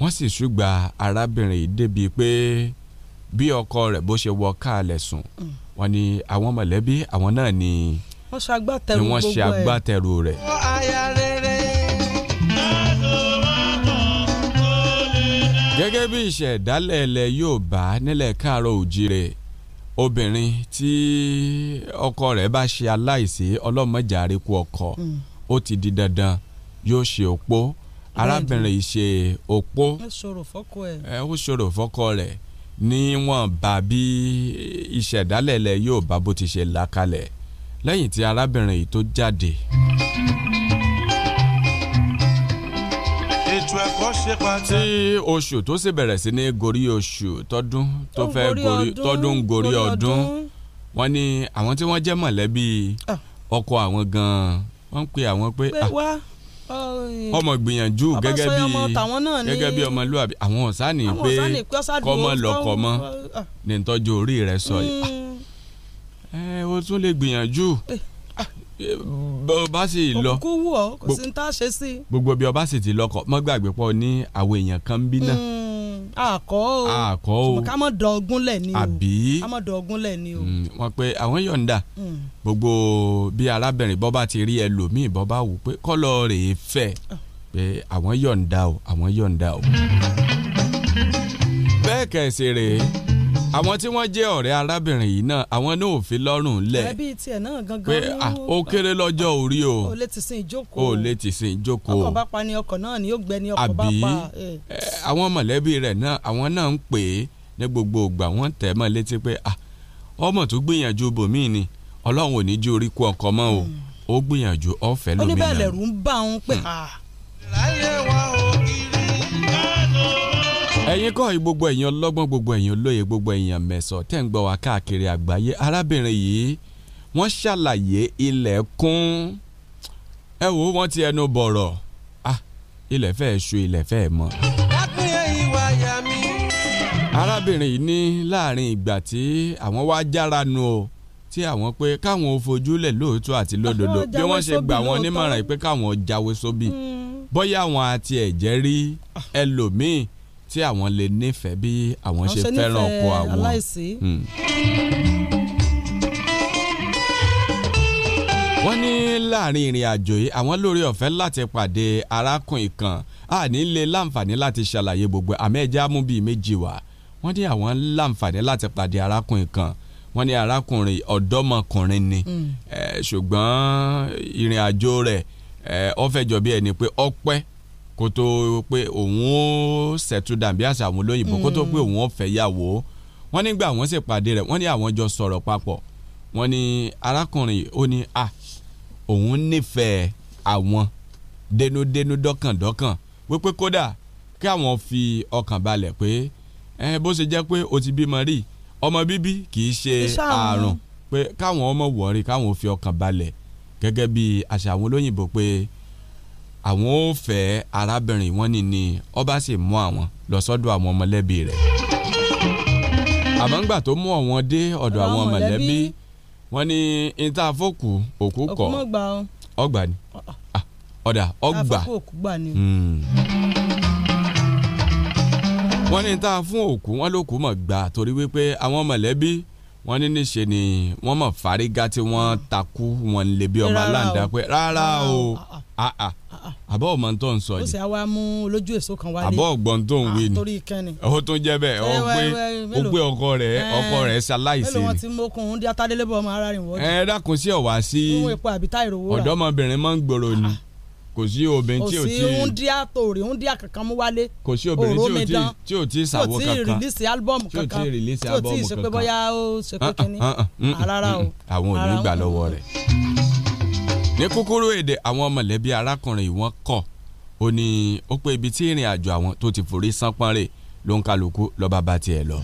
wọ́n sì ṣùgbà arábìnrin yìí débi pé bí ọkọ rẹ̀ bó ṣe wọ káàlẹ̀ sùn mm. wọ́n ní àwọn mọ̀lẹ́bí àwọn náà ni wọ́n ṣe agbátẹrù rẹ̀. gẹ́gẹ́ bí ìṣẹ̀dálẹ̀ ilẹ̀ Yorùbá nílẹ̀ káàárọ̀ òjìrè obìnrin tí ọkọ rẹ̀ bá ṣe aláìsí ọlọ́mọjàre kú ọkọ mm. ó ti di dandan yóò ṣe òpó arábìnrin yìí ṣe opó ó ṣòro fọ́kọ rẹ̀ níwọ̀nba bí ìṣẹ̀dálẹ̀lẹ̀ yóò bá bó ti ṣe là kalẹ̀ lẹ́yìn tí arábìnrin yìí tó jáde. ètò ẹ̀kọ́ ṣe pàtàkì. tí oṣù tó sì bẹ̀rẹ̀ sí ní gorí oṣù tọdún tó fẹ́ tọdún gorí ọdún wọ́n ní àwọn tí wọ́n jẹ́ mọ̀lẹ́bí ah. ọkọ àwọn gan-an wọ́n pe àwọn pé ah, ọmọ gbìyànjú gẹ́gẹ́ bí gẹ́gẹ́ bí ọmọlúwàbí àwọn ọ̀sánì pé kọ́mọ lọ́kọ̀ mọ́ ní ìtọ́jú orí rẹ̀ sọ yìí hmm. ẹ o tún lè gbìyànjú. Eh ọba sì lọ òkú wù ọ kò sí ní tá a ṣe sí. gbogbo bí ọba sì ti lọkọ mọ gbàgbé pọ ní àwọn èèyàn kan bí náà. àkọ́ hmm, o àkọ́ o ká mọ̀ dán ogún lẹ̀ ni o àbí ká mọ̀ dán ogún lẹ̀ ni o. Hmm, wọ́n pe àwọn yọ̀ǹda hmm. gbogbo bí arábìnrin bọ́ bá ti rí ẹlòmíì bọ́ bá wù pé kọ́lọ̀ rèé fẹ́ ah. pé àwọn yọ̀ǹda o àwọn yọ̀ǹda o. bẹ́ẹ̀ kẹ̀sì rèé àwọn tí wọ́n jẹ́ ọ̀rẹ́ arábìnrin yìí náà àwọn náà ò fi lọ́rùn lẹ̀. ẹbí tiẹ̀ náà gangan ló. pé ó kéré lọ́jọ́ orí o. ó lè ti sin ìjókòó. ó lè ti sin ìjókòó. ọkọ̀ bá pa ni ọkọ̀ náà ni yóò gbẹ ni ọkọ̀ bá pa. àbí eh. àwọn mọ̀lẹ́bí rẹ̀ náà àwọn náà ń pè é ní gbogbo ìgbà wọ́n tẹ̀ mọ́ létí pé ọmọ tó gbìyànjú bòmíì ni ọlọ́run ò ní jú orí kú ọkọ̀ mọ́ o hmm. ó gbìyànjú ọ̀fẹ́ lómìnira. ẹ̀yin kọ́ yìí gbogbo ẹ̀yin ọlọ́gbọ́n gbogbo ẹ̀yin olóye gbogbo ẹ̀yin mẹ̀sọ̀ tẹ́ ń gbọ́ wá káàkiri àgbáyé arábìnrin yìí wọ́n ṣàlàyé ilẹ̀ kún ẹ wò ó wọ́n ti ẹnu bọ̀rọ̀ ah ilẹ̀ fẹ́ ṣu ilẹ̀ fẹ́ mọ́. arábìnrin yìí ní láàrin ìgbà tí àwọn wá jára nu o tí àwọn pé káwọn ò fojúlẹ̀ lóòótọ́ àti lódodo bí wọ́n ṣe gbà wọ́n nímọ̀ràn pé káwọn jáwé sóbì hmm. bóyá àwọn àti ẹ̀jẹ̀ rí ah. ẹlòmíì tí àwọn lè nífẹ̀ẹ́ bí àwọn ṣe fẹ́ràn ọkọ àwọn. Hmm. wọ́n ní láàrin ìrìn àjò yìí àwọn lórí ọ̀fẹ́ láti pàdé arákùnrin kan àní lè láǹfààní láti ṣàlàyé gbogbo àmẹ́jà mú bíi méjì wá wọ́n ní àwọn láǹfààní láti pàdé arákùnrin kan wọ́n ní arákùnrin ọ̀dọ́mọkùnrin ni hmm. ṣùgbọ́n ìrìn àjò rẹ̀ ó bí ẹni pé ọpẹ́ kó tó pé òun ó ṣẹ̀tú dàbí àṣà àwọn olóyìnbó kó tó pé hmm. òun ó fẹ́ yàwó wọ́n nígbà wọ́n sì pàdé rẹ̀ wọ́n ní àwọn jọ sọ̀rọ̀ papọ̀ wọ́n ní arákùnrin ó ní a òun nífẹ̀ẹ́ àwọn dénúdénú dọ́kàndọ́kàn wípé kódà kí àwọn fi ọkàn balẹ̀ pé ẹ bó ṣe jẹ́ pé o ti bímọ rí ọmọ bíbí kì í ṣe àrùn pé káwọn ọmọ wọ̀ọ́rí káwọn fi ọkàn balẹ̀ gẹ́gẹ́ bí àṣà àwọn olóyìnbó pé àwọn ò fẹ́ arábìnrin wọn ni ni ọba sì mú àwọn lọ sọ́dọ̀ àwọn mọ̀lẹ́bí rẹ̀ àmọ́ ńgbà tó mú àwọn dé ọ̀dọ̀ àwọn mọ̀lẹ́bí wọn ni níta àfọ́kù òkú kọ̀ ọgbà ni ah, ọ̀dà ọgbà hmm. wọ́n ní níta fún òkú wọn ló kú mọ̀ gbà torí wípé àwọn mọ̀lẹ́bí wọ́n ní níṣe ni wọ́n mọ̀ fárígá tí wọ́n takú wọn lè bí ọmọ aláǹda pé rárá o àbọ̀ ọmọ tó ń sọ yìí. ó sì àwa mú olójú èso kan wálé. àbọ̀ ọgbọ́n tó ń ah, wí ni ó tó jẹ́ bẹ́ẹ̀ ó gbé ó gbé ọkọ rẹ̀ eh, ọkọ rẹ̀ ṣaláìsí. mélòó wọn ti mú ń di atádélébọ̀ ọmọ ara rìn wọ́ọ̀dù. ẹ eh, dákun sí ọ̀wá sí ọ̀dọ́mọbìnrin máa ń gbòòrò ni. Ah, kò sí obìnrin tí ò tí ò sí ńdíà tòrí ńdíà kankan mú wálé kò sí obìnrin tí ò tí sàwó kankan tí ò tí rìlísì álbọ́ọ̀mù kankan tí ò tí rìlísì álbọ́ọ̀mù kankan tí ò tí ṣe pé bóyá ó ṣe pé ah, ah, kínní ah, mm, mm, rárá mm, o. àwọn ò ní gbà lọ́wọ́ rẹ̀. ní kúkúrú èdè àwọn mọ̀lẹ́bí arákùnrin ìwọ́n kọ̀ ó ní ó pé ibi tí ìrìn àjò àwọn tó ti forí sánpọ́n rè ló ń kálukú lọ́ba bá tiẹ̀ lọ.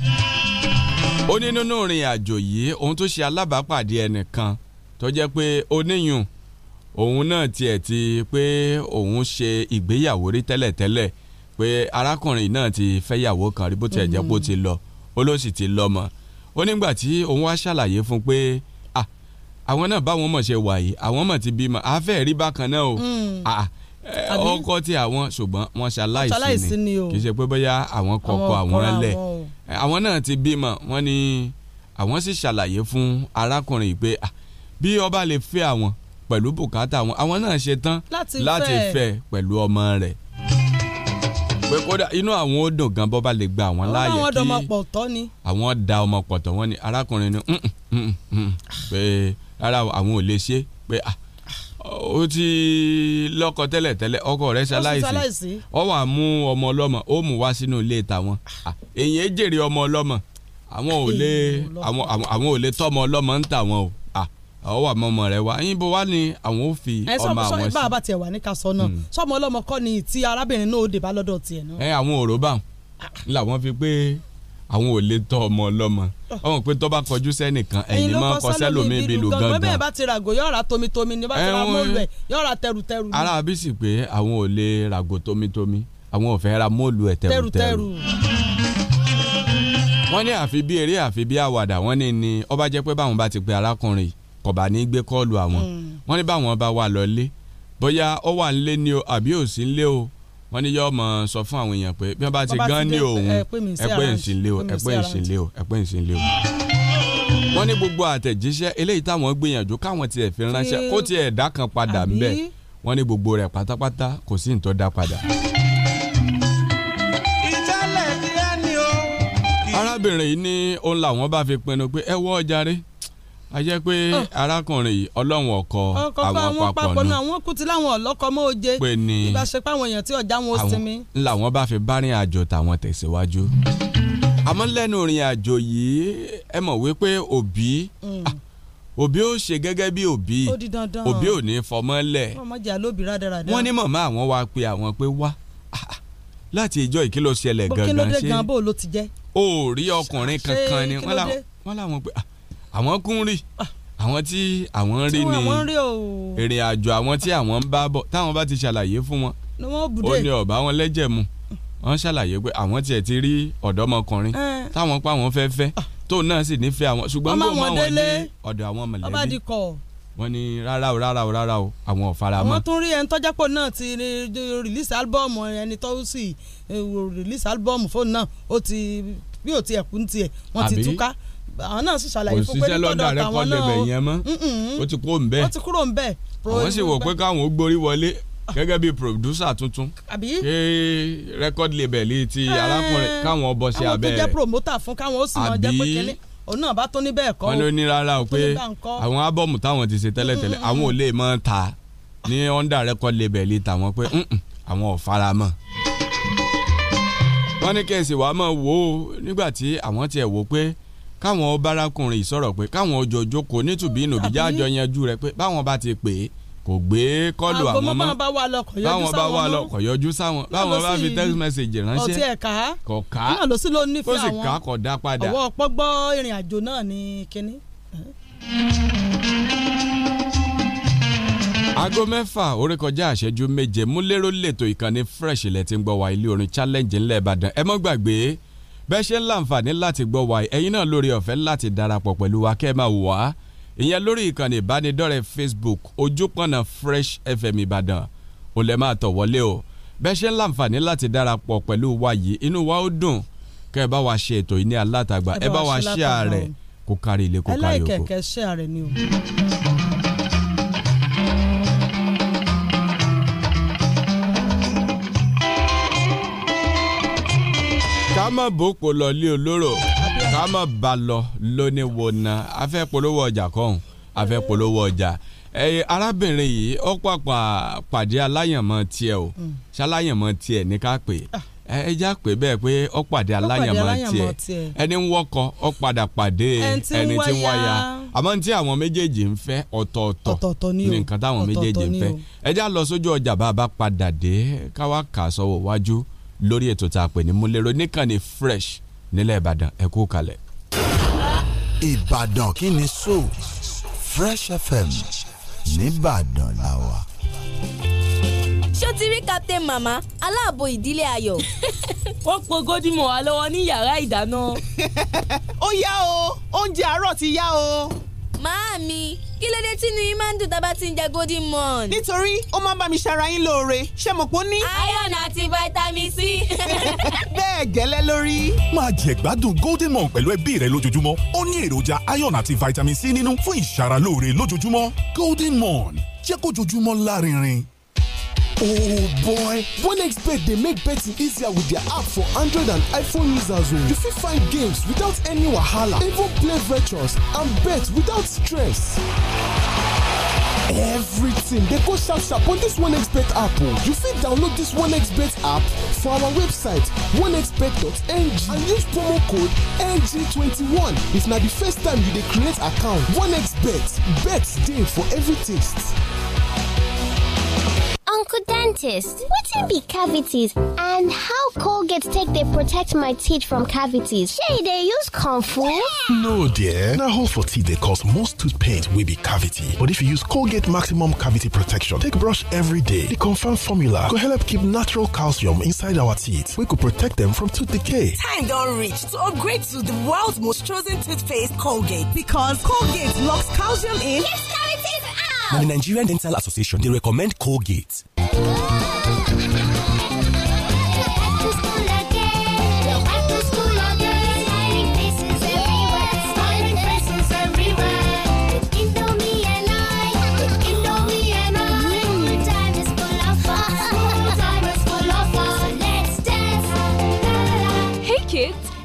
ó ní nínú ìrìn àjò yìí ohun tó ṣe alábàápàdé ẹnìkan tó jẹ́ pé oníyùn òun náà tiẹ̀ ti pé òun ṣe ìgbéyàwó rí tẹ́lẹ̀tẹ́lẹ̀ pé arákùnrin náà ti fẹ́yàwó kan rí bó tiẹ̀ jẹ́ mhm. bó ti lọ ó ló sì ti lọ́mọ ó nígbà tí òun wá ṣàlàyé fún pé àwọn náà báwọn mọ̀ ṣe wà àwọn mọ̀ ti bímọ àfẹ́ rí bákan náà o ọkọ mm. tí àwọn ṣùgbọ́n wọ́n ṣaláìsí ni kì í ṣe pé bóyá àwọn kọ̀ọ̀kọ̀ àwọn lẹ̀ àwọn náà ti bímọ wọ́n ní àwọn sì ṣàlàyé fún arákùnrin pé bí ọba lè fẹ́ àwọn pẹ̀lú bùkátà wọn àwọn náà ṣe tán láti fẹ́ pẹ̀lú ọmọ rẹ̀ pé kódà inú àwọn ó dùn gan bó bá lè gba àwọn láàyè kí àwọn ọmọ pọ̀tọ́ ni àwọn da ọmọ pọ̀tọ́ wọn ni arákùnrin ni mm, mm, mm, pé rárá àwọn ò lè ṣe pé ah, ó ti lọ́kọ tẹ́lẹ̀ tẹ́lẹ̀ ọkọ rẹ̀ ṣaláìsí ó wá mú ọmọ ọlọ́mọ ó mú wá sínú ilé tàwọn ah, èyí ẹ jèrè ọmọ ọlọ́mọ àwọn ò lè àwọn ò ọlọ́mọ ń tà wọn o ọ wà mọ́mọ́ rẹ wa yín bó wá ní àwọn ò fi ọmọ àwọn sí. ẹ sọ bá a tiẹ̀ wà ní kaṣọ náà hmm. sọmọ ọlọmọ kọ́ ni ti arábìnrin náà ó dé bá lọ́dọ̀ tiẹ̀ náà. ẹ àwọn òró bá làwọn ah. fi pé àwọn ò lè tọ́ ọmọ ọlọ́mọ ah. ọmọ pé tó bá kọjú sẹ́nìkan ẹ̀yin máa kọ sẹ́lòmí ibi lò gangan. bẹ́ẹ̀ bá ti ràgò yóò ra tomitomi ni bá ti ra móòlù ẹ̀ yóò ra tẹrutẹru. ara àbísí pé àwọn ò lè ràgò tomitomi àwọn ò fẹ́ ra móòlù ẹ̀ tẹrutẹru wọ́n ní àfi bí eré àfi bí àwàdà wọ́n ní ni ó bá jẹ́ pé báwọn bá ti pe arákùnrin kọ̀bà ní gbé kọ́ọ̀lù àwọn mm. wọ́n ní báwọn bá wà lọ́lé bóyá ó wà ń lé ni o àbí ò sí ń lé o wọ́n ní yóò mọ̀ sọ fún àwọn èèyàn pé bí wọ́n bá ti gán ní òun ẹ pé ń lé o ẹ pé ń sí lé o ẹ pé ń lé o. wọ́n ní gbogbo àtẹ̀jíṣẹ́ eléyìí táwọn gbìyànjú káwọn tiẹ̀ fi ránṣẹ́ kó tiẹ̀ dá kan padà ńbẹ̀ wọ́n ní gbogbo rẹ̀ pátápátá kò sí nǹkan dá padà. arábìnrin yìí ní òun làwọn bá fi pinnu pé ẹ wọ́ ọjà rẹ̀ a jẹ́ pé ah. arákùnrin yìí ọlọ́run ọkọ àwọn papọ̀ náà àwọn kú ti láwọn ọlọ́kọ mọ́ oje pé ní ìbáṣepọ̀ àwọn èèyàn tí ọjà wọn ó sinmi. ńlá wọn bá fi bá rìn àjò tàwọn tẹ̀síwájú. àmọ́ lẹ́nu rìn àjò yìí ẹ mọ̀ wípé òbí hmm. ah, òbí ó ṣe gẹ́gẹ́ bí òbí òbí ò ní fọmọ́ lẹ̀ wọ́n ní màmá àwọn wa pe àwọn pé wá ah, láti ìjọ ìkìlọ̀ ṣẹlẹ̀ gangan ṣe kí ọkùnrin kankan ni wọ́n láwọn pé ah àwọn kún rí ah. àwọn tí àwọn rí ni ìrìn àjò àwọn tí àwọn ń bá bọ̀ táwọn bá ti ṣàlàyé fún wọn ó ní ọ̀bá wọn lẹ́jẹ̀ mu wọ́n ṣàlàyé pé àwọn tiẹ̀ ti rí ọ̀dọ́mọkùnrin eh. táwọn pa àwọn fẹ́ fẹ́ ah. tó náà sì nífẹ̀ẹ́ àwọn ṣùgbọ́n gbọ́n mọ́ wọn ní ọ̀dọ̀ àwọn mọ̀lẹ́bí wọ́n ní rárá o rárá o rárá o àwọn ọ̀fara mọ́. wọ́n tún rí ẹni tọ́jà pò náà ti release album ẹni tó sì eh, release album fóònù náà ó ti bí ò ti ẹ̀kú ń tiẹ̀ wọ́n ti túká àwọn náà sì ṣàlàyé fún pé nítọ̀dọ̀ tàwọn náà ó ti kúrò ńbẹ̀ ó ti kúrò ńbẹ̀. àwọn sì wò pé káwọn ó gborí wọlé gẹ́gẹ́ bí producer tuntun ṣé record label ti arákùnrin káwọn ọbọ̀ sí abẹ́ rẹ̀ àwọn tó jẹ́ promoter fún káwọn ó sì mọ jẹ́ pé kẹ́lẹ́ òun náà bá tó ní bẹ́ẹ̀ kọ́ o. wọn ló ní rárá o pé àwọn ábọ̀mù táwọn ti ṣe tẹ́lẹ̀tẹ́lẹ̀ àwọn ò lè mọ ta ní under record label tàwọn pé àwọn ò fara mọ́. wọ́n ní kẹ́sì wàá mọ̀ wò ó nígbà tí àwọn tiẹ̀ wò pé káwọn bárakùnrin ìsọ̀rọ̀ pé káwọn ọjọ́ jókòó nítùbí ìnùbí jájọ yanjú rẹ pé báwọn bá ti pè é kò gbé kọlù àwọn mọ́ báwọn bá wà lọ kò sáwọn báwọn bá fi text message ránṣẹ́ kò ká náà sì ká kò dá padà ọwọ́ ọ̀pọ̀ ìrìn àjò náà ní kínní. aago mẹ́fà orí kọjá àṣẹjú méje múlẹ́rọ́ lẹ́tọ̀ ìkànnì fresh ilẹ̀ tí ń gbọ́ wá ilé orin challenge ńlẹ̀ Ìbàdàn ẹ mọ́ gbàgbé bẹ́ẹ̀ ṣe ń láǹfààní láti gbọ́ wa ẹ̀yin náà lórí ọ̀fẹ́ láti darapọ̀ pẹ̀lú wa kẹ́ máa wà á ìyẹn lórí ìkànnì ìbánidọ́rẹ̀ẹ́ Facebook ojúpọ̀nà Fresh FM Ìbàdàn ò lè máa tọ̀ wọlé o bẹ́ẹ̀ ṣe ń láǹfààní láti darapọ̀ pẹ̀lú wa yìí inú wa ó dùn kẹ́ ẹ bá wa ṣe ètò yìí ní alátagbà ẹ bá wa ṣe ààrẹ kó kárí ilé kó kárí oko. ẹlẹ́kẹ̀kẹ́ ṣe ààrẹ ni o. má bòpò lọ lé olóró ká má bà lọ lóní wọnà afẹ́ polówó ọjà kọ́hún afẹ́ polówó ọjà ẹ̀yin arábìnrin yìí ó pàpà pàdé aláyànmọ́ tiẹ̀ o hmm. ṣaláyànmọ́ tiẹ̀ ní ká pè é ah. ẹ já pé bẹ́ẹ̀ pé ó pàdé aláyànmọ́ tiẹ̀ ẹni ń wọ́kọ ó padà pàdé ẹni tí ń wáyà àmọ́ tí àwọn méjèèjì ń fẹ́ ọ̀tọ̀ọ̀tọ̀ ní nǹkan táwọn méjèèjì ń fẹ́ ẹ já lọ sójú ọjà bá a bá padà dé káwá kà sọ́wọ́ wájú lórí ètò tá a pè ní múlẹ́rọ níkànnì fresh nílẹ̀ ìbàdàn ẹ kú kalẹ̀. ìbàdàn kí ni so fresh fm nìbàdàn la wà. ṣó ti rí captain mama aláàbò ìdílé ayọ̀. wọ́n po gódìmọ̀ wa lọ́wọ́ ní yàrá ìdáná. ó yá o oúnjẹ àárọ̀ ti yá o. màámi kí ló dé tí inú yín máa ń dùn tá a bá ti ń jẹ golden morn. nítorí ó máa ń bá mi ṣara yín lóore ṣé mo pò ní. iron àti vitamin c. bẹ́ẹ̀ gẹ́lẹ́ lórí. máa jẹ gbádùn golden morn pẹ̀lú ẹbí rẹ lójoojúmọ́ ó ní èròjà iron àti vitamin c nínú fún ìṣara lóore lójoojúmọ́ golden morn jẹ́ kójoojúmọ́ lárinrin. Oh boy! OneXBet they make betting easier with their app for Android and iPhone users o. Oh. You fit find games without any wahala, even play virtuals and bet without stress. Everything they go sharp sharp on this OneXBet app o. Oh. You fit download this OneXBet app for our website onexbet.ng and use promo code NG21 if not the first time you create account. OneXBet, bets day for every taste. Uncle Dentist, in be cavities and how colgate take they protect my teeth from cavities? shey they use Kung Fu. No dear, Now, hole for teeth they cause most tooth pain will be cavity, but if you use colgate maximum cavity protection take brush every day, the confirmed formula could help keep natural calcium inside our teeth We could protect them from tooth decay. Time don't reach to upgrade to the world's most chosen toothpaste, Colgate, because Colgate locks calcium in. Yes, now, the Nigerian Dental Association, they recommend Colgate.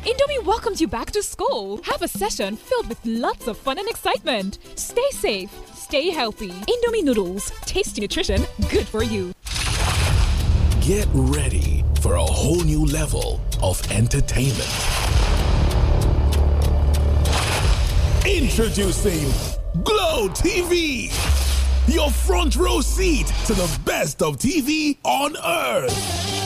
Indomie welcomes you back to school. Have a session filled with lots of fun and excitement. Stay safe Stay healthy. Indomie noodles. Tasty nutrition. Good for you. Get ready for a whole new level of entertainment. Introducing Glow TV. Your front row seat to the best of TV on earth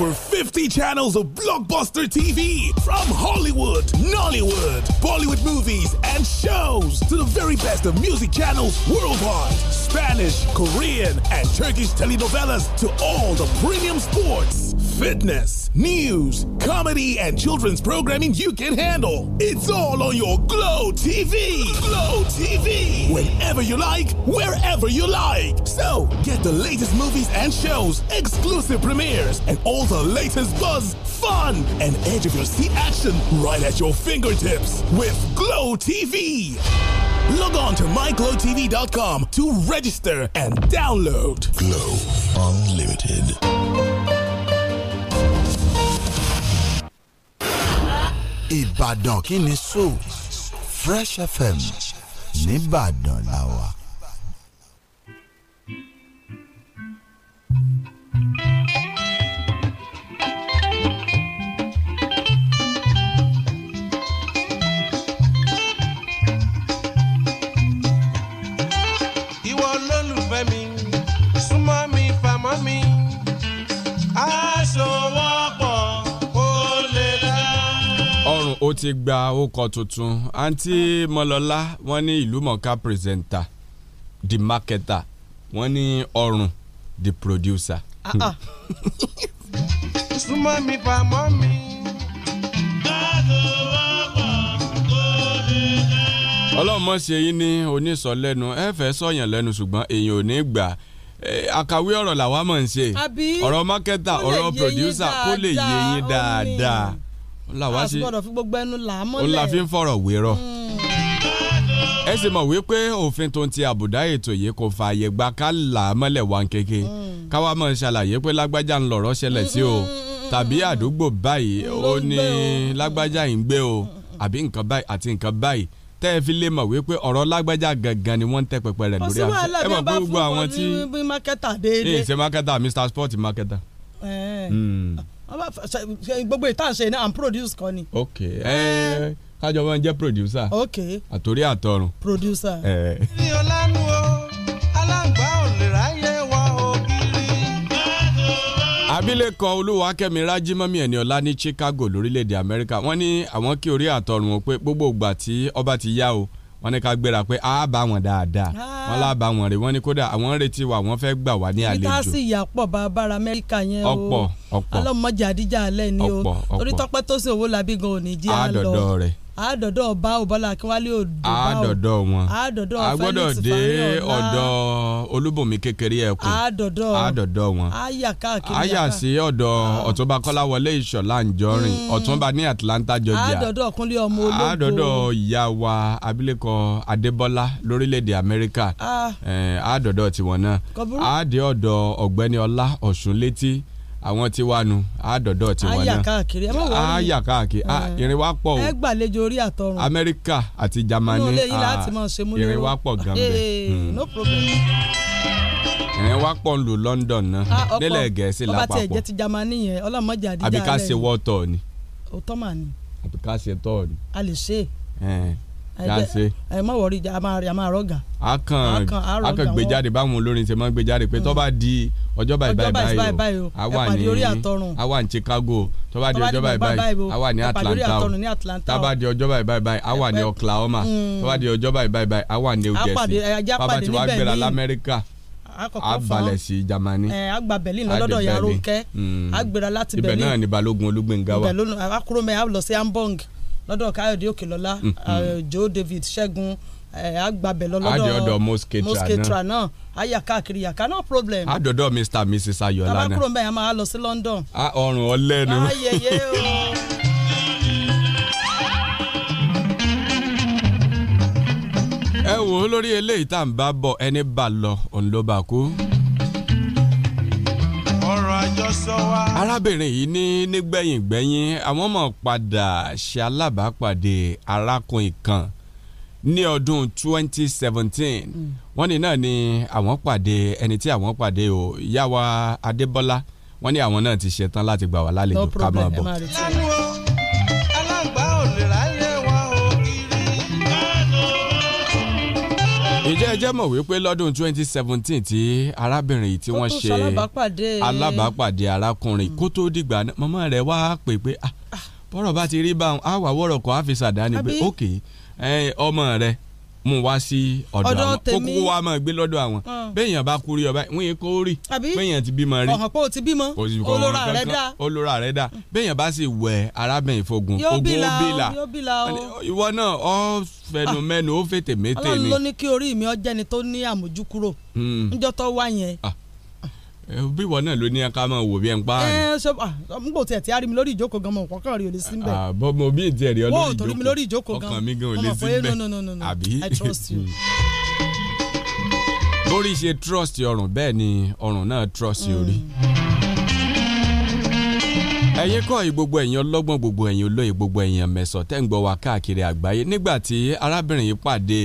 over 50 channels of blockbuster TV from Hollywood, Nollywood, Bollywood movies, and shows to the very best of music channels worldwide. Spanish, Korean, and Turkish telenovelas to all the premium sports fitness, news, comedy, and children's programming you can handle. It's all on your Glow TV. Glow TV. Whenever you like, wherever you like. So get the latest movies and shows, exclusive premieres, and all the latest buzz, fun, and edge of your seat action right at your fingertips with Glow TV. Log on to myglowtv.com to register and download Glow Unlimited. Ìbàdàn kí ni so Fresh FM nìbàdàn la wà. thank you ti gba ọkọ̀ tuntun àǹtí mọ́lọ́lá wọ́n ní ìlú mọ̀ọ́ká pírẹsẹ̀ntà the marketer wọ́n ní ọrùn the producer. Ah, ah. súnmọ́ mi pa mọ́ mi. ọlọ́run mọ̀ ṣe yín ní onísọ̀lẹ́nu ẹ fẹ́ sọ̀yàn lẹ́nu ṣùgbọ́n èèyàn ò ní gbà àkàwé ọ̀rọ̀ làwa mọ̀ ń ṣe ọ̀rọ̀ mákẹ́tà ọ̀rọ̀ pòdúsà kó lè yé yín dáadáa làwa ṣe àsìgbọ́dọ̀ fi gbogbo ẹnu là á mọ́lẹ̀ òun la fi ń fọ̀rọ̀ wérọ̀ hmm. ẹ sì mọ̀ wípé òfin tó ń ti àbùdá ètò yìí kò fààyè gba ká là á mọ́lẹ̀ hmm. wá kéke káwa máa ṣàlàyé pé lágbájá ń lọ̀rọ̀ ṣẹlẹ̀ sí o hmm, tàbí àdúgbò báyìí ó ní lágbájá ń gbé o àbí nǹkan báyìí àti nǹkan báyìí tẹ́ ẹ fi lè mọ̀ wípé ọ̀rọ̀ lágbájá gangan ni wọ́n ń tẹ́ pẹpẹ rẹ̀ lórí àṣẹ ẹ mọ̀ gbogbo àwọn tí Mr Sport mákẹ́tà gbogbo ìtànṣe náà i'm produce kan ni. ok eh. kájọ máa ń jẹ producer. ok àtòrí àtọrùn. producer. Eh. ní ọlánú o aláǹgbá ò lè ráyè wá ògiri. abilékọ olúwakẹ́mi rájímọ́mí ẹni ní Chicago lórílẹ̀‐èdè Amẹ́ríkà ní àwọn kí orí àtọrùn o pé gbogbo ìgbà tí ọba ti yá o wọ́n ní ká gbéra pé a bá wọn dáadáa ah. wọ́n lá bá wọn rè wọ́n ní kódà àwọn retí wa wọ́n fẹ́ gbà wá ní àlejò. níbi tá a sì yà pọ̀ bàbára amẹ́ríkà yẹn o ọ̀pọ̀ ọ̀pọ̀ alọ́mọdé àdíjà alẹ́ ni o torí tọ́pẹ́ tó sì owó làbí gan òní jẹ́ àlọ́ àádọ́dọ́ rẹ̀ àádọ́dọ́ ọba ọbọ̀lá akínwálé òdòdó àádọ́dọ́ wọn àádọ́dọ́ felix agbọ́dọ̀ dé ọ̀dọ̀ olúbùnmi kékeré ẹkùn àádọ́dọ́ àádọ́dọ́ wọn àyà káàkiri àyà sí ọ̀dọ̀ ah. ọ̀túnba kọ́láwọlé ìṣọ̀lá ǹjọ́rin hmm. ọ̀túnba ní atlanta georgia àádọ́dọ́ ọkùnrin ọmọ ológo àádọ́dọ́ ìyá wa abilékọ adébọ́lá lórílẹ̀‐èdè amẹ́ríkà ah. eh, àádọ́dọ́ tiwọn náà àádé ọ̀dọ̀ ọ̀gbẹ́ni ọlá àwọn tiwa nu àádọ́dọ̀ tiwa náà àyà káàkiri ẹ má wọlé àyà káàkiri ìrìn wa pọ̀ o ẹ gbàlejò orí àtọrun Amẹ́ríkà àti Jámánì ìrìn wa pọ̀ gan bẹ́ẹ̀ hmm. no problem ìrìn wa pọ̀ ń lu London náà nílẹ̀ ah, Gẹ̀ẹ́sì lápapọ̀ ọba tí ẹ̀jẹ̀ ti Jámánì yẹn ọlọ́mọdé àdídá rẹ̀ àbíká ṣe wọ́tọ̀ ni òótọ́ mà ni ṣe tọ́ọ̀ ni a lè ṣe yanse. ẹ má wọrí a máa a máa rọgà. a kàn a kàn gbé jáde báwọn olórin ṣe máa gbé jáde pé tó bá hmm. di ọjọ́ báyìí báyìí o a wà ní a wà ní Chicago tó bá di ọjọ́ báyìí báyìí a wà ní Atlanta o hmm. tó bá di ọjọ́ báyìí báyìí a wà ní Oklahoma tó bá di ọjọ́ báyìí báyìí a wà ní New bàbá tí wàá gbéra l'Amẹ́ríkà a sí Jamani. ẹ a Berlin lọ́dọ̀ Yaronkẹ́ hmm. a gbéra láti Berlin ibẹ̀ náà ni Balógun Olúgbénga wà. ibẹ̀ lónìí akúròmẹ́ sí Hamburg lọ́dọ̀ káyọ̀dé òkèlọ́lá hmm, hmm. Eh, joe david ṣẹ́gun eh, agbábẹ̀ lọ́dọ̀ mosketra náà àyà káàkiri yàká no problem. àdọ̀dọ̀ mr mrs ayọ̀lá náà. tabakuro mbẹ́ yẹn lọ sí london. ọrùn ọlẹ́nu. ẹ wò ó lórí eléyìí tá à ń bá bọ̀ ẹni bá lọ òun ló bá kú arábìnrin yìí ní nígbẹ̀yìngbẹ̀yìn àwọn ọmọ padà ṣe alábàápàdé arákùnrin kan ní ọdún 2017 mm. wọ́n ní náà ni àwọn pàdé ẹni tí àwọn pàdé o yáwa Adébọ́lá wọ́n ní àwọn náà ti ṣetán láti gbà wá lálejò ká máa bọ̀. ǹjẹ́ ẹ jẹ́ mọ̀ wípé lọ́dún 2017 tí arábìnrin yìí tí wọ́n ṣe alábàápàdé arákùnrin kó tó dìgbà màmá rẹ̀ wá pè pé ah, bọ́rọ̀ bá ti rí báwọn á wà wọ́rọ̀ kọ́ á pé ok ọmọ rẹ̀ mú wá sí ọ̀dọ̀ àwọn kókó wa máa gbé lọ́dọ̀ àwọn ah. bẹ́ẹ̀yàn bá kú rí ọba wọ́n yẹn kó rí bẹ́ẹ̀yàn ti bímọ rí ọ̀hún pé o ti bímọ olóra rẹ dá olóra mm. rẹ dá bẹ́ẹ̀yàn bá sì wẹ̀ arábìnrin fogun ogun ó bìlà ìwọ náà ọ fẹnu ah. mẹnu ó fètè mété ni. ọlọ́run ló ní kí orí mi ọ jẹ́ni tó ní àmójúkúrò hmm. níjọ́ tó wá yẹn ah bí ìwọ náà ló ní ká máa wò bí ẹ pa àná. ẹ ṣe n kò tiẹ̀ tí a rí mi lórí ìjókòó gan mọ̀ nǹkan kan rí o lè sí bẹ́ẹ̀. bọ́ mo bí ìdí ẹ̀rí ọ lórí ìjókòó ọkàn mi gan ò lè sí bẹ́ẹ̀ àbí. I trust you. bórí ṣe trust ọrùn bẹ́ẹ̀ ni ọrùn náà trust orí. Mm. ẹ̀yin kọ́ yìí gbogbo ẹ̀yin ọlọ́gbọ́n gbogbo ẹ̀yin olóye gbogbo ẹ̀yin mẹ̀sọ̀ tẹ́ ń gbọ́ wa káàkiri àgbáyé nígbà tí arábìnrin yìí pàdé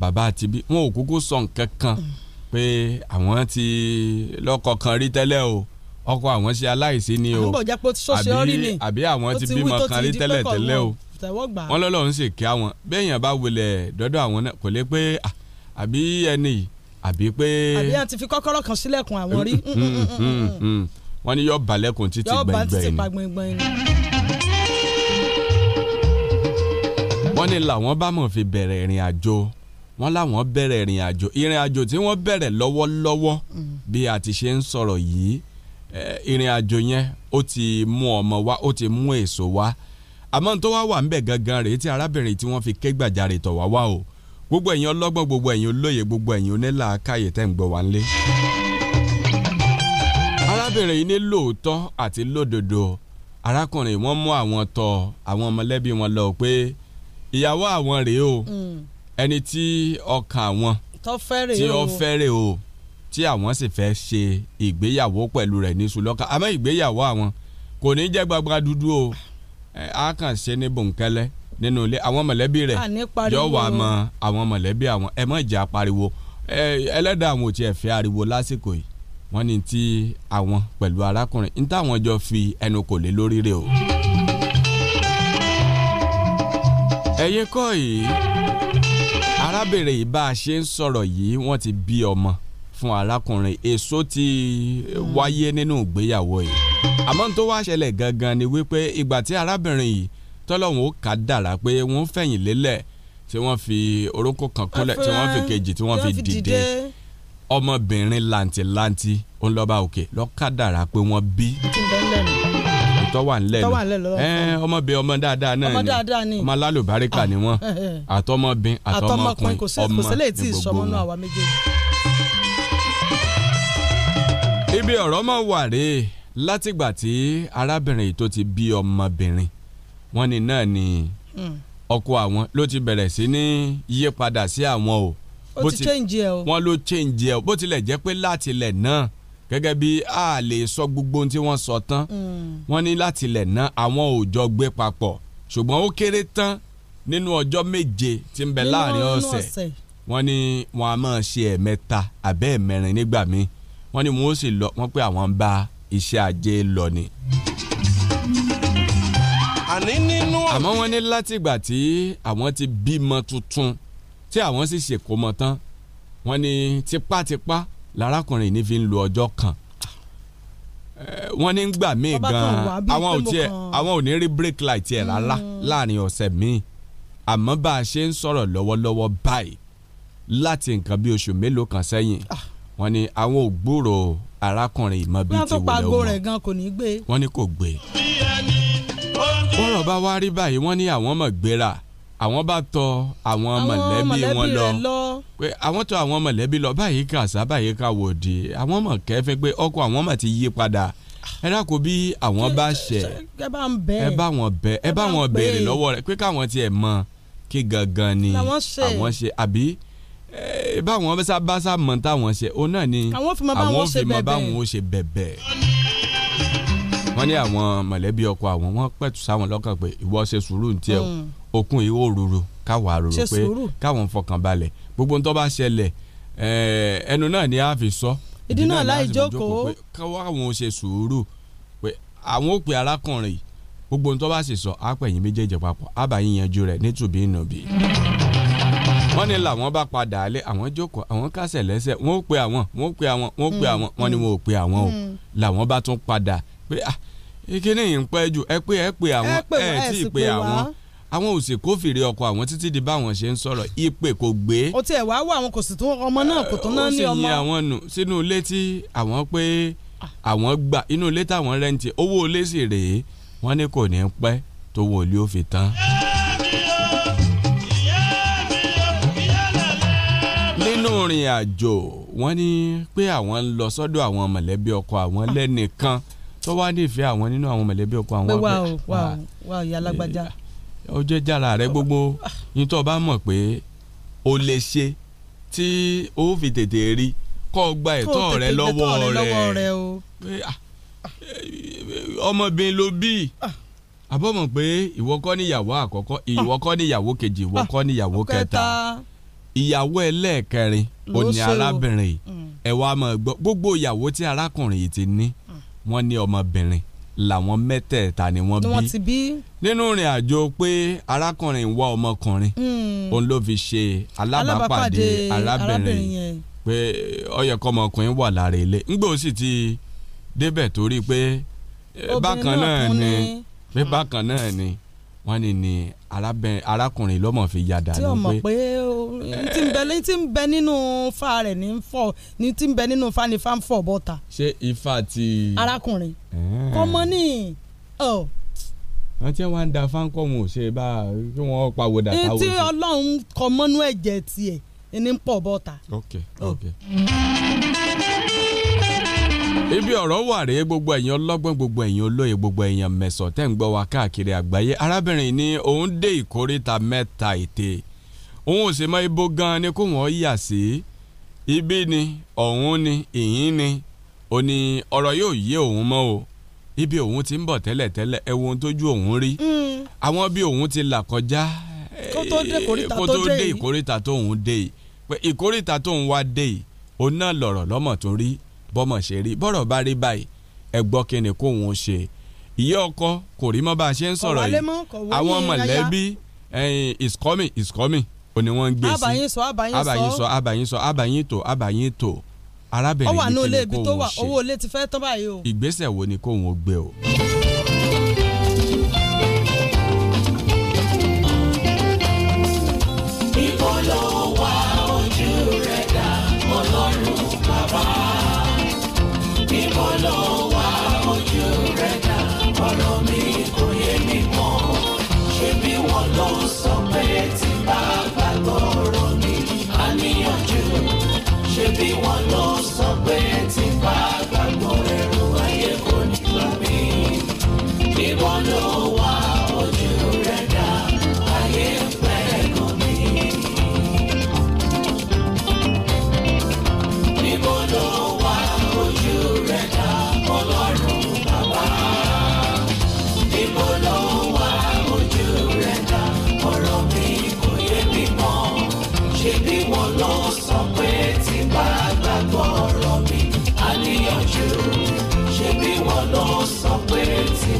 bàbá àtibí wọn ò kúkú sọ nǹkan kan. Mm pé àwọn ti lọ́kọ kan rí tẹ́lẹ̀ o ọkọ àwọn ṣe aláìsí ni o àbí àwọn ti bímọ kan rí tẹ́lẹ̀ tẹ́lẹ̀ o wọ́n lọ́lọ́ ń ṣe kí àwọn bẹ́ẹ̀yàn bá wulẹ̀ dọ́dọ̀ àwọn náà kò lè pé àbí ẹni yìí àbí pé. àbí àti fi kọ́kọ́rọ́ kan sílẹ̀kùn àwọn rí. Hmm, hmm, hmm, wọ́n ní yọ balẹ̀kùn títí gbẹ̀ngbẹ̀n ni. wọ́n ní làwọn bá mọ̀ fi bẹ̀rẹ̀ ìrìn àjò wọ́n láwọn bẹ̀rẹ̀ ìrìn àjò ìrìn àjò tí wọ́n bẹ̀rẹ̀ lọ́wọ́lọ́wọ́ bí a ti ṣe ń sọ̀rọ̀ yìí eh, ìrìn àjò yẹn ó ti mú ọmọ wá ó ti mú èso wá àmọ́ tó wá wà ńbẹ̀ gangan rèé tí arábìnrin tí wọ́n fi ké gbàjarè tọ̀ wá wá o gbogbo ẹ̀yin ọlọ́gbọ́n gbogbo ẹ̀yin olóye gbogbo ẹ̀yin onílàákàyè tẹ́ ń gbọ́ wá ńlé. arábìnrin yìí ní lóòótọ́ àti lódodo arákùnrin wọn mú àwọn tọ àwọn mọ̀lẹ́bí wọn lọ pé ìyàwó àwọn rèé o hmm ẹni tí ọkàn àwọn tí ó fẹ́rẹ̀ o tí àwọn sì fẹ́ ṣe ìgbéyàwó pẹ̀lú rẹ̀ ní sulọ́ka àmọ́ ìgbéyàwó àwọn kò ní jẹ́ gbagba dúdú o a kàn ṣe ní bòńkẹ́lẹ́ nínú ilé àwọn mọ̀lẹ́bí rẹ̀ yóò wà mọ àwọn mọ̀lẹ́bí àwọn ẹ mọ̀ ìjà pariwo ẹlẹ́dàá àwọn ò tiẹ̀ fẹ́ ariwo lásìkò yìí wọ́n ní ti àwọn pẹ̀lú arákùnrin ní táwọn jọ fi ẹnu kò lé lórí rẹ̀ o. ẹ̀yin kọ́ yìí arábìnrin yìí bá a ṣe ń sọ̀rọ̀ yìí wọ́n ti bí ọmọ fún arákùnrin èso ti wáyé nínú ìgbéyàwó yìí àmọ́ tó wá ṣẹlẹ̀ gangan ni wípé ìgbà tí arábìnrin yìí tọ́lọ́hún ó kà dára pé wọ́n fẹ̀yìn lélẹ̀ tí wọ́n fi orúnkún kan kúnlẹ̀ tí wọ́n fi kejì tí wọ́n fi dìde ọmọbìnrin làǹtìlanti ó ń lọ́ba òkè lọ́kàdàrà pé wọ́n bí. ti bẹ́ẹ̀ lẹ́nu tọ́wà ńlẹ̀ lọ ọmọbìnrin ọmọ dáadáa náà ni ọmọ alálùbáríkà ni wọ́n àtọmọbìn àtọmọkùnrin ọmọ ní gbogbo wọn. ibi ọ̀rọ̀ mọ̀ wà rèé látìgbà tí arábìnrin tó ti bí ọmọbìnrin wọn ni náà ni hmm. ọkọ àwọn ló ti bẹ̀rẹ̀ sí ní yí padà sí àwọn o. ó ti change ẹ o. wọn ló change ẹ o bó tilẹ̀ jẹ́ pé látilẹ̀ náà gẹ́gẹ́ bí a lè sọ gbogbo ohun tí wọ́n sọ tán mm. wọ́n ní láti lẹ̀ ná àwọn òòjọ́ gbé papọ̀ ṣùgbọ́n ó kéré tán nínú ọjọ́ méje tí ń bẹ láàrin ọ̀sẹ̀ wọ́n ní wọ́n á máa ṣe ẹ̀mẹ́ta àbẹ́ ẹ̀mẹ́rin nígbà míì wọ́n ní wọ́n ó sì lọ wọ́n pé àwọn ń bá iṣẹ́ ajé lọ ni. àmọ́ wọ́n ní látìgbà tí àwọn ti bímọ tuntun tí àwọn sì ṣèkómọ tán wọ́n ní tipátipá lárákùnrin ní fi ń lo ọjọ́ kan eh, wọ́n ní gbà míì gan-an àwọn ò tiẹ̀ àwọn ò ní rí break light tiẹ̀ rárá mm. láàrin ọ̀sẹ̀ míì àmọ́ bá a ṣe ń sọ̀rọ̀ lọ́wọ́lọ́wọ́ báyìí láti nǹkan bí oṣù mélòó kan sẹ́yìn ah. wọ́n ní àwọn ò gbúrò arákùnrin ìmọ̀ bíi ti wọlé wọn wọ́n ní kò gbé. bọ́rọ̀ bá wá rí báyìí wọ́n ní àwọn mọ̀ gbéra àwọn bá tọ àwọn mọ̀lẹ́bí wọn lọ pé àwọn tọ àwọn mọ̀lẹ́bí lọ báyìí kà sá báyìí kà wò di àwọn mọ̀ kẹfẹ́ pé ọkọ àwọn mọ̀ ti yí padà ẹ dákun bí àwọn bá ṣẹ̀ ẹ bá wọn bẹ̀ ẹ bá wọn béèrè lọ́wọ́ rẹ̀ pé káwọn tiẹ̀ mọ̀ kí gangan ni àwọn ṣe àbí báwọn bá bá sá mọ̀ táwọn ṣe òun náà ni àwọn fi mọ̀ báwọn ó ṣe bẹ̀bẹ̀ wọ́n ní àwọn mọ̀lẹ́bí ọkọ àwọn wọ́n pẹ̀tù sáwọn lọ́kàn pé ìwọ ṣe sùúrù ní tiẹ̀ o mm okùn yìí ó roro káwa roro pé káwọn fọkàn balẹ̀ gbogbo tó bá ṣẹlẹ̀ eh, ẹnu náà ni a fi sọ ìdí náà láì jókòó pé káwọn ṣe sùúrù pé àwọn ò pe arákùnrin gbogbo tó bá sì sọ àpẹ̀yìn méjèèjì papọ̀ àbáyín yanjú rẹ̀ nítùbí ìnàbí wọ́n ní làwọn bá padà alẹ àwọn jókòó àwọn kásẹ̀ lẹ́sẹ̀ wọ́n ó pe àwọn wọ́n ó pe àwọn wọ́n ó pe hmm, àwọn wọ́n ní hmm. wọn ò pe àwọn o hmm. làwọn bá tún padà pé ah ìkíní yìí ń pẹ́ jù ẹ pé ẹ pé àwọn ẹ tí ì pe àwọn àwọn ò sì kófìrí ọkọ àwọn títí di báwọn ṣe ń sọ̀rọ̀ ìpè kò gbé. ó tiẹ̀ wá wá àwọn kò sì tó ọmọ náà kò tó náà ní ọmọ. ó sì yin àwọn nù sínú ilé tí àwọn pé ah. àwọn gbà inú ilé táwọn rẹ́ǹtì owó ilé sì rèé wọ́n ní kò ní pẹ́ tó wọ ilé ó tán. nínú ìrìn àjò wọ́n ní pé àwọn ń lọ sọ́dọ̀ àwọn mọ̀lẹ́bí ọkọ àwọn lẹ́nìkan tó wá nífẹ̀ẹ́ àwọn nínú àwọn mọ̀lẹ́bí ọkọ àwọn. pé wà ó wà ó ah. wà ó yà lágbájá ó jẹ́ jára rẹ gbogbo yín tó bá mọ̀ pé o lè ṣe tí o fi tètè rí kó gba ẹ̀tọ́ rẹ lọ́wọ́ rẹ ah, ọmọbìnrin ló bí ah. àbọ̀mọ̀ pé ìwọ kọ́ níyàwó àkọ́kọ́ ah. ìwọ kọ́ níyàwó kejì ìwọ kọ́ níyàwó kẹta ìyàwó ẹlẹ́ẹ̀kẹrin òní arábìnrin mm. ẹ̀ wá máa gbọ́ gbogbo ìyàwó tí arákùnrin yìí ti ní mm. wọ́n ní ọmọbìnrin làwọn mẹ́tẹ̀ẹ̀ta ni wọ́n bí nínú ìrìn àjò pé arákùnrin wá ọmọkùnrin hmm. òun ló fi ṣe alábàápàdé arábìnrin yẹn pé ó yẹ kọ́ ọmọkùnrin wà lára ilé ńgbò sì ti débẹ̀ torí pé eh, bákan náà ni pé bákan náà ni wọ́n ní ni arákùnrin lọ́mọ fi ya dànù pé ti ń bẹ ní ti ń bẹ nínú fa rẹ̀ ní fọ ní ti ń bẹ nínú fa ní fa ń fọ bọ́ta. ṣé ifá ti. arákùnrin kọ́mọ ní. wọ́n ti wá ń da fáńkọ́ wọn ò ṣe bá kí wọ́n pawọ́dà táwọn. etí ọlọ́run kọ mọ́nú ẹ̀jẹ̀ tiẹ̀ ní pọ̀ bọ́ta. ok ok. ibi ọ̀rọ̀ wà rèé gbogbo ẹ̀yin ọlọ́gbọ́n gbogbo ẹ̀yin olóye gbogbo ẹ̀yin mẹ̀sọ̀ tẹ́ ń gbọ́ wa káàkiri àgbáyé arábìnrin ni òun dé ìkórìtà mẹ́ta ète òun ò sì mọ ibo gan ni kó wọ́n yà sí ibi ni ọ̀hún ni ìyín ni ò ní ọ̀rọ̀ yóò yé òun mọ́ o ibi òun ti ń bọ̀ tẹ́lẹ̀tẹ́lẹ̀ ẹ wo ohun tójú òun rí hmm. àwọn bí òun ti là kọjá kó tó dé ìkórìtà tó òun dé pé ìkórìtà tó òun wá dé òun náà lọ̀rọ̀ lọ́mọ̀ tó rí bọ́mọ̀ ṣe rí bọ́rọ̀ bá rí báyìí ẹ gbọ́ kí ni kó òun ṣe ìyá ọkọ kò rí mọ́ bá a ṣe ń sọ̀rọ̀ yìí àwọn mọ̀lẹ́bí is coming is coming ó ní wọ́n ń gbé sí abayin sọ abayin sọ abayin sọ abayin tó abayin tó arábìnrin ní kí ni kóhun ṣe ọwọ́ àná olè ibi tó wà owó olè ti fẹ́ tán báyìí o. ìgbésẹ̀ wo ni kóhun ó gbé o.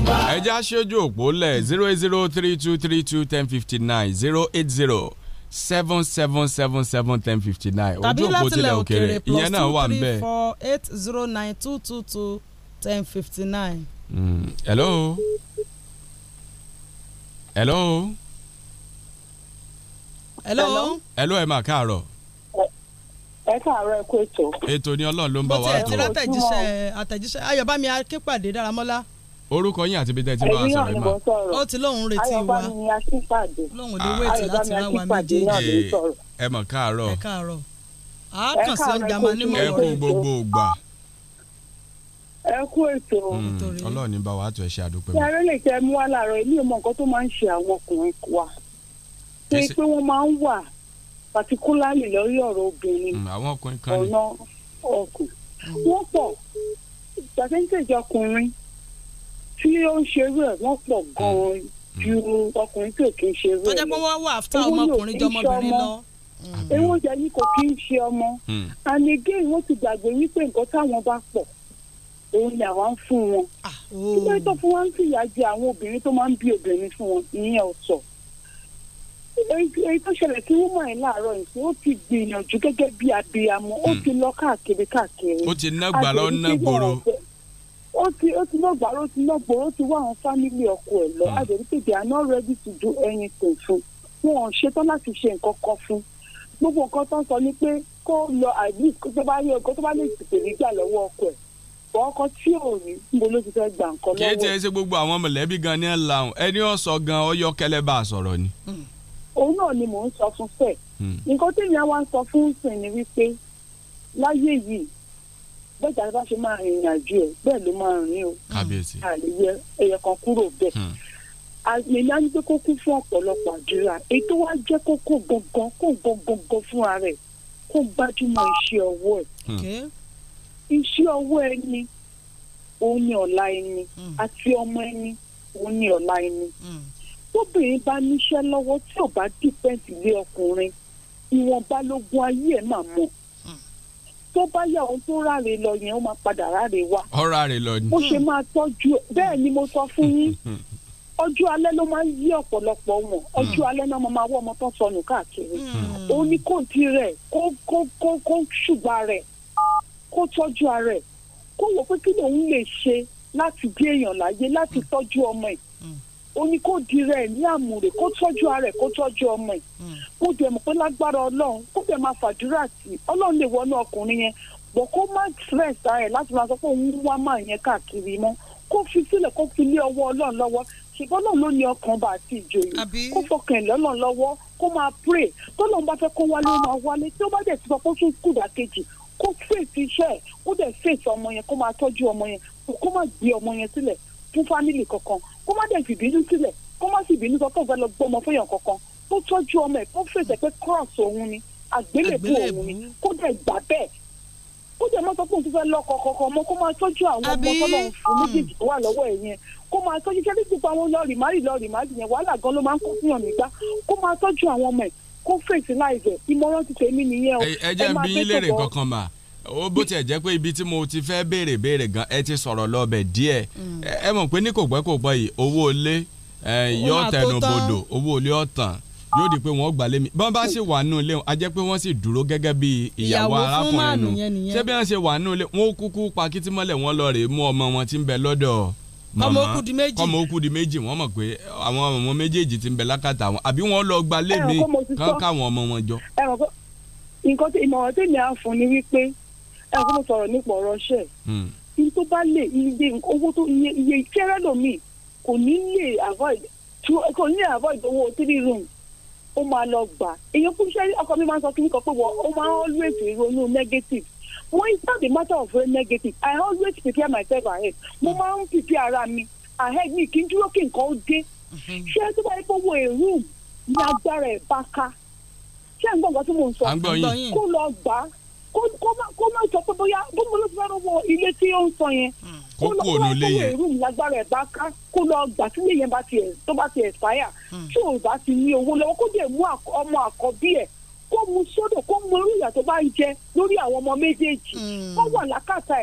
ẹja ṣojú òpó lẹ̀ zero eight zero three two three two ten fifty nine zero eight zero seven seven seven seven ten fifty nine ojú òpó tilẹ̀ òkèrè ìyẹn náà wà ń bẹ̀. tàbí láti òkèrè plus two three four eight zero nine two two two ten fifty nine. Hmm, hello hello. hello. hello ẹ máa káàárọ̀. ẹ káàárọ̀ ẹ kú ètò. ètò ni ọlọ́run ló ń bá wa tó. mo ti ẹ̀ ti rátẹ̀jíṣẹ́ àtẹ̀jíṣẹ́ ayọ̀bámi akípàdé dáramọ́lá orúkọ yín àti ibi tẹ́ ti bá a sọ̀rọ̀ mà. ó ti lóun retí wa lóun lè wéètì láti wá wa méjèèjì. ẹ mọ̀ káàárọ̀. ẹ káàárọ̀ a kàn sí ọjà máa ní mọ̀ ọ́. ẹ kú gbogbo ògbà. ẹ kú ètò. Hmm, ọlọ́run ní bá wa tó ẹ ṣe àdúpẹ́. yàrá lè tẹ mú wa láàárọ̀ èmi ò mọ nǹkan tó máa ń ṣe àwọn ọkùnrin wa. pé pé wọ́n máa ń wà pàtíkúlárì lórí ọ̀rọ̀ obìnrin. Hmm, ọ̀nà ọkùnrin. wọ́n pọ̀ pàṣẹ́ńtẹ̀jì ọkùnrin tí ó ń ṣerú ẹ̀ wọ́n pọ̀ gan-an mm. ju ọkùnrin tó kì í ṣerú ẹ̀ lọ. tó jẹ́ pé wọ́n wà fún ọmọkùnrin jọmọbìnrin lọ mm. ewé ìjà yìí kò kí ń ṣe ọmọ mm. and again wọ́n ti gbàgbé wípé nǹkan táwọn bá pọ̀ òun ni àwa ń fún wọn nígbà ah, oh. tó fún wọn ń fìyà àwọn obìnrin tó máa ń bí obìnrin fún wọn ìyẹn ọ̀sọ̀ èyí tó ṣẹlẹ̀ sí wúmọ̀ ẹ̀ láàárọ̀ yìí ó ti gbìyànjú gẹ́gẹ́ bí abiyamọ ó ti lọ káàkiri káàkiri. ó ti nágbà lọ nágboro ó ti ó ti náà gbàrú ó ti náà gbòòrò ó ti wá àwọn fámìlì ọkọ ẹ̀ lọ àdèrí hmm. they are not ready to do anything fún wọn ò ṣetán láti ṣe nǹkan kan fún gbogbo nǹkan tó ń sọ ni pé kó lọ at kó tó bá yẹ kó tó bá lè tètè rí gbà lọ́wọ́ ọkọ ẹ̀ ọkọ tí ò rí níbo ló ti fẹ́ gbà nǹkan lọ́wọ́. kì tiẹ̀ ṣe gbogbo àwọn mọ̀lẹ́bí gan ni ẹ̀ làwọn ẹni ọ̀sọ̀ gan ọyọ́ bá a sọ̀rọ̀ ni. Hmm. òun náà ni mò ń sọ fún fẹ́ẹ̀ hmm. nǹkan tí ìyá wa ń sọ fún sìn ni wípé láyé yìí bẹ́ẹ̀ bá ṣe máa rìnrìn àjò ẹ̀ bẹ́ẹ̀ ló máa rìn o kábíyèsí àlèyé ẹyẹ kan kúrò bẹ́ẹ̀ àyèlá hmm. ní pé kó kú fún ọ̀pọ̀lọpọ̀ àdúrà ètò wa jẹ́ kó kó gangan kó gangan fúnra rẹ̀ kó gbájúmọ́ iṣẹ́ ọwọ́ ẹ̀ hmm. iṣẹ́ ọwọ́ ẹni òun ni ọ̀la ẹni hmm. àti ọmọ ẹni òun ni ọ̀la ẹni tóbìnrin bá níṣẹ́ lọ́wọ́ tí ò bá dípẹ́ǹtì lé ọkùnrin ìwọ̀nba lógun ayé ẹ̀ máa mọ̀. Mm tó bá yà ohun tó ráre lọ yẹn ó máa padà ráre wá. ọ ráre lọ ni. mo ṣe máa tọ́jú bẹ́ẹ̀ ni mo sọ fún yín ọjọ́ alẹ́ ló máa ń yí ọ̀pọ̀lọpọ̀ wọn hmm. ọjọ́ alẹ́ náà mo máa wọ́ ọmọ tó sọnù káàkiri òun ni kò di rẹ̀ kó kó kó kó ṣùgbọ́n rẹ̀ kó tọ́jú rẹ̀ kó wò pé kí lòun lè ṣe láti gbé èèyàn láyé láti tọ́jú ọmọ ẹ̀ hmm ó ní kó dirẹ ẹ ní àmúre kó tọ́jú ara ẹ kó tọ́jú ọmọ ẹ hmm. mo dẹ̀ mọ̀ pé lágbára Ọlọ́run kó dẹ̀ máa fàdúrà sí Ọlọ́run lè wọnú ọkùnrin yẹn bọ̀ kó má stress ara ẹ láti máa sọ pé òun wá máa yẹn káàkiri mọ́ kó fi sílẹ̀ kó fi lé ọwọ́ Ọlọ́run lọ́wọ́ ṣùgbọ́n náà ló ní ọkàn bá àti ìjòyè kó fọkàn lọ́nà lọ́wọ́ kó máa pray tó lóun bá fẹ́ kó wálé ó máa wálé tí ó bá dẹ̀ ti sọ pé ó tún kùdà kejì kó fèsì iṣẹ́ ẹ̀ kó dẹ̀ fèsì ọmọ yẹn kó máa tọ́jú ọmọ yẹn kó má gbé ọmọ yẹn sílẹ̀ fún fámìlì kankan kó má dẹ̀ fìbínú sílẹ̀ kó má sì bínú sọ pé òun fẹ́ lọ gbọ́mọ fẹ́yàn kankan tó tọ́jú ọmọ ẹ̀ tó fèsì pé cross òun ni àgbélébù òun ni kó dẹ̀ gbà bẹ́ẹ̀ kó dẹ̀ má sọ pé òun ti fẹ́ lọ́kọ kọ̀ọ̀kan mọ́ kó máa tọ́jú àwọn ọmọ tọ́lọ́run fún méjèèjì hmm. tó wà lọ́wọ́ ẹ̀ yẹn kó máa tọ́jú iṣẹ́ bí gbogbo àwọn lọ́ọ̀rì márì lọ́ọ̀rì márì yẹn wàhálà gan ló máa ń kó fún yàn kó máa tọ́jú àwọn ọmọ ẹ̀ kó fèsì láìsẹ̀ ìmọ̀ràn ti tèmi nìyẹn o. ẹ jẹ́ n bi yín léèrè kankan ó bó tiẹ̀ jẹ́ pé ibi tí mo ti fẹ́ béèrè béèrè gan ẹ ti sọ̀rọ̀ lọ́bẹ̀ díẹ̀ mm. ẹ mọ̀ pé ní kò pẹ́ kò pẹ́ yìí owó lé yọ tẹnubodò owó lé ọ̀tàn yóò di pé wọ́n gbà lé mi bọ́n bá ṣe wà nù ilé wọn a jẹ́ pé wọ́n sì dúró gẹ́gẹ́ bí ìyàwó arákùnrin nù ṣé bí wọ́n ṣe wà nù ilé wọn ó kúkú pa kítímọ́lẹ̀ wọn lọ rèé mú ọmọ wọn tí ń bẹ lọ́dọ̀ mọ̀mọ́ okú di méjì wọ́n mọ̀ pé àwọn ọmọ méjèèjì tí ń bẹ lákàtà wọn àbí wọ́n lọ gba lé mi kán káwọn ọmọ wọn jọ. nǹkan tí ìmọ̀ràn á fún ni wípé ẹ kó mo sọ̀rọ̀ nípa ọ̀rọ̀ ṣẹ́ hmm. iye tó bá lè iye owó tó iye iye kẹrẹ lomi kò ní lè avoid kò ní lè avoid owó three room ó máa lọ gbà èèyàn fún iṣẹ́ ọkọ mi máa ń sọ kíní kan pé wọ́n ó máa ń always ronú negative when it's not a matter of very negative I always prepare myself ahead mo hmm. máa ń prepare ara mi ahead mi kí n dúró kí nǹkan ó dé hmm. ṣé tó bá yẹ kó wo a room ní agbára ẹ̀ bá ká ṣé à tí mò ń sọ kó lọ gbà á kó má jọ pé bóyá bóun ló fẹ́ wọ ilé tí ó ń sọ yẹn hmm. kó kú ònú ilé yẹn kó lọ́ọ́ lágbára ẹ̀ bá ká kó lọ́ọ́ gbà tí ilé yẹn bá ti ẹ̀ tó bá ti ẹ̀ fáyà hmm. tí ò bá ti ní owó lọ́wọ́ kó dẹ̀ mú ọmọ àkọ́bí ẹ̀ kó mu sódò kó mu orí ìyà tó bá ń jẹ lórí àwọn ọmọ méjèèjì hmm. kó wà lákàtà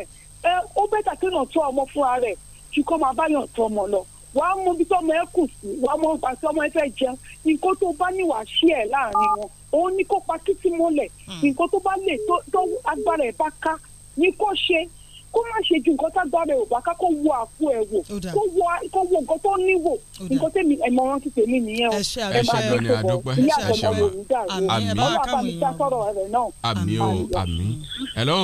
ẹ̀ ó bẹ́tà kí náà tọ́ ọmọ fúnra rẹ̀ ju kó máa báyọ̀ tọ́ ọmọ lọ wàá mú bí tọ́mọ ẹ kù sí wàá mú ọgbà ọmọ ẹ fẹ́ jẹun nǹkan tó bá níwàá sí ẹ̀ láàrin wọn òun ni kó pa kìtì mọ́lẹ̀ hmm. nǹkan tó bá lè tó agbára ẹ̀ bá ká ni kó ṣe kó má ṣe ju nǹkan tágbára ẹ̀ ò bá ká kó wo àpò ẹ̀ wò kó wo nǹkan tó ní wò nǹkan tẹ̀mí ẹ̀mọ̀ràn ti tèmi nìyẹn o ẹ̀ máa dé tó bọ̀ ilé àtọ̀mọ̀ wò ń dà o ọlọ́wà bá mi sá sọ̀rọ̀ rẹ̀ náà. àmì o àmì hello.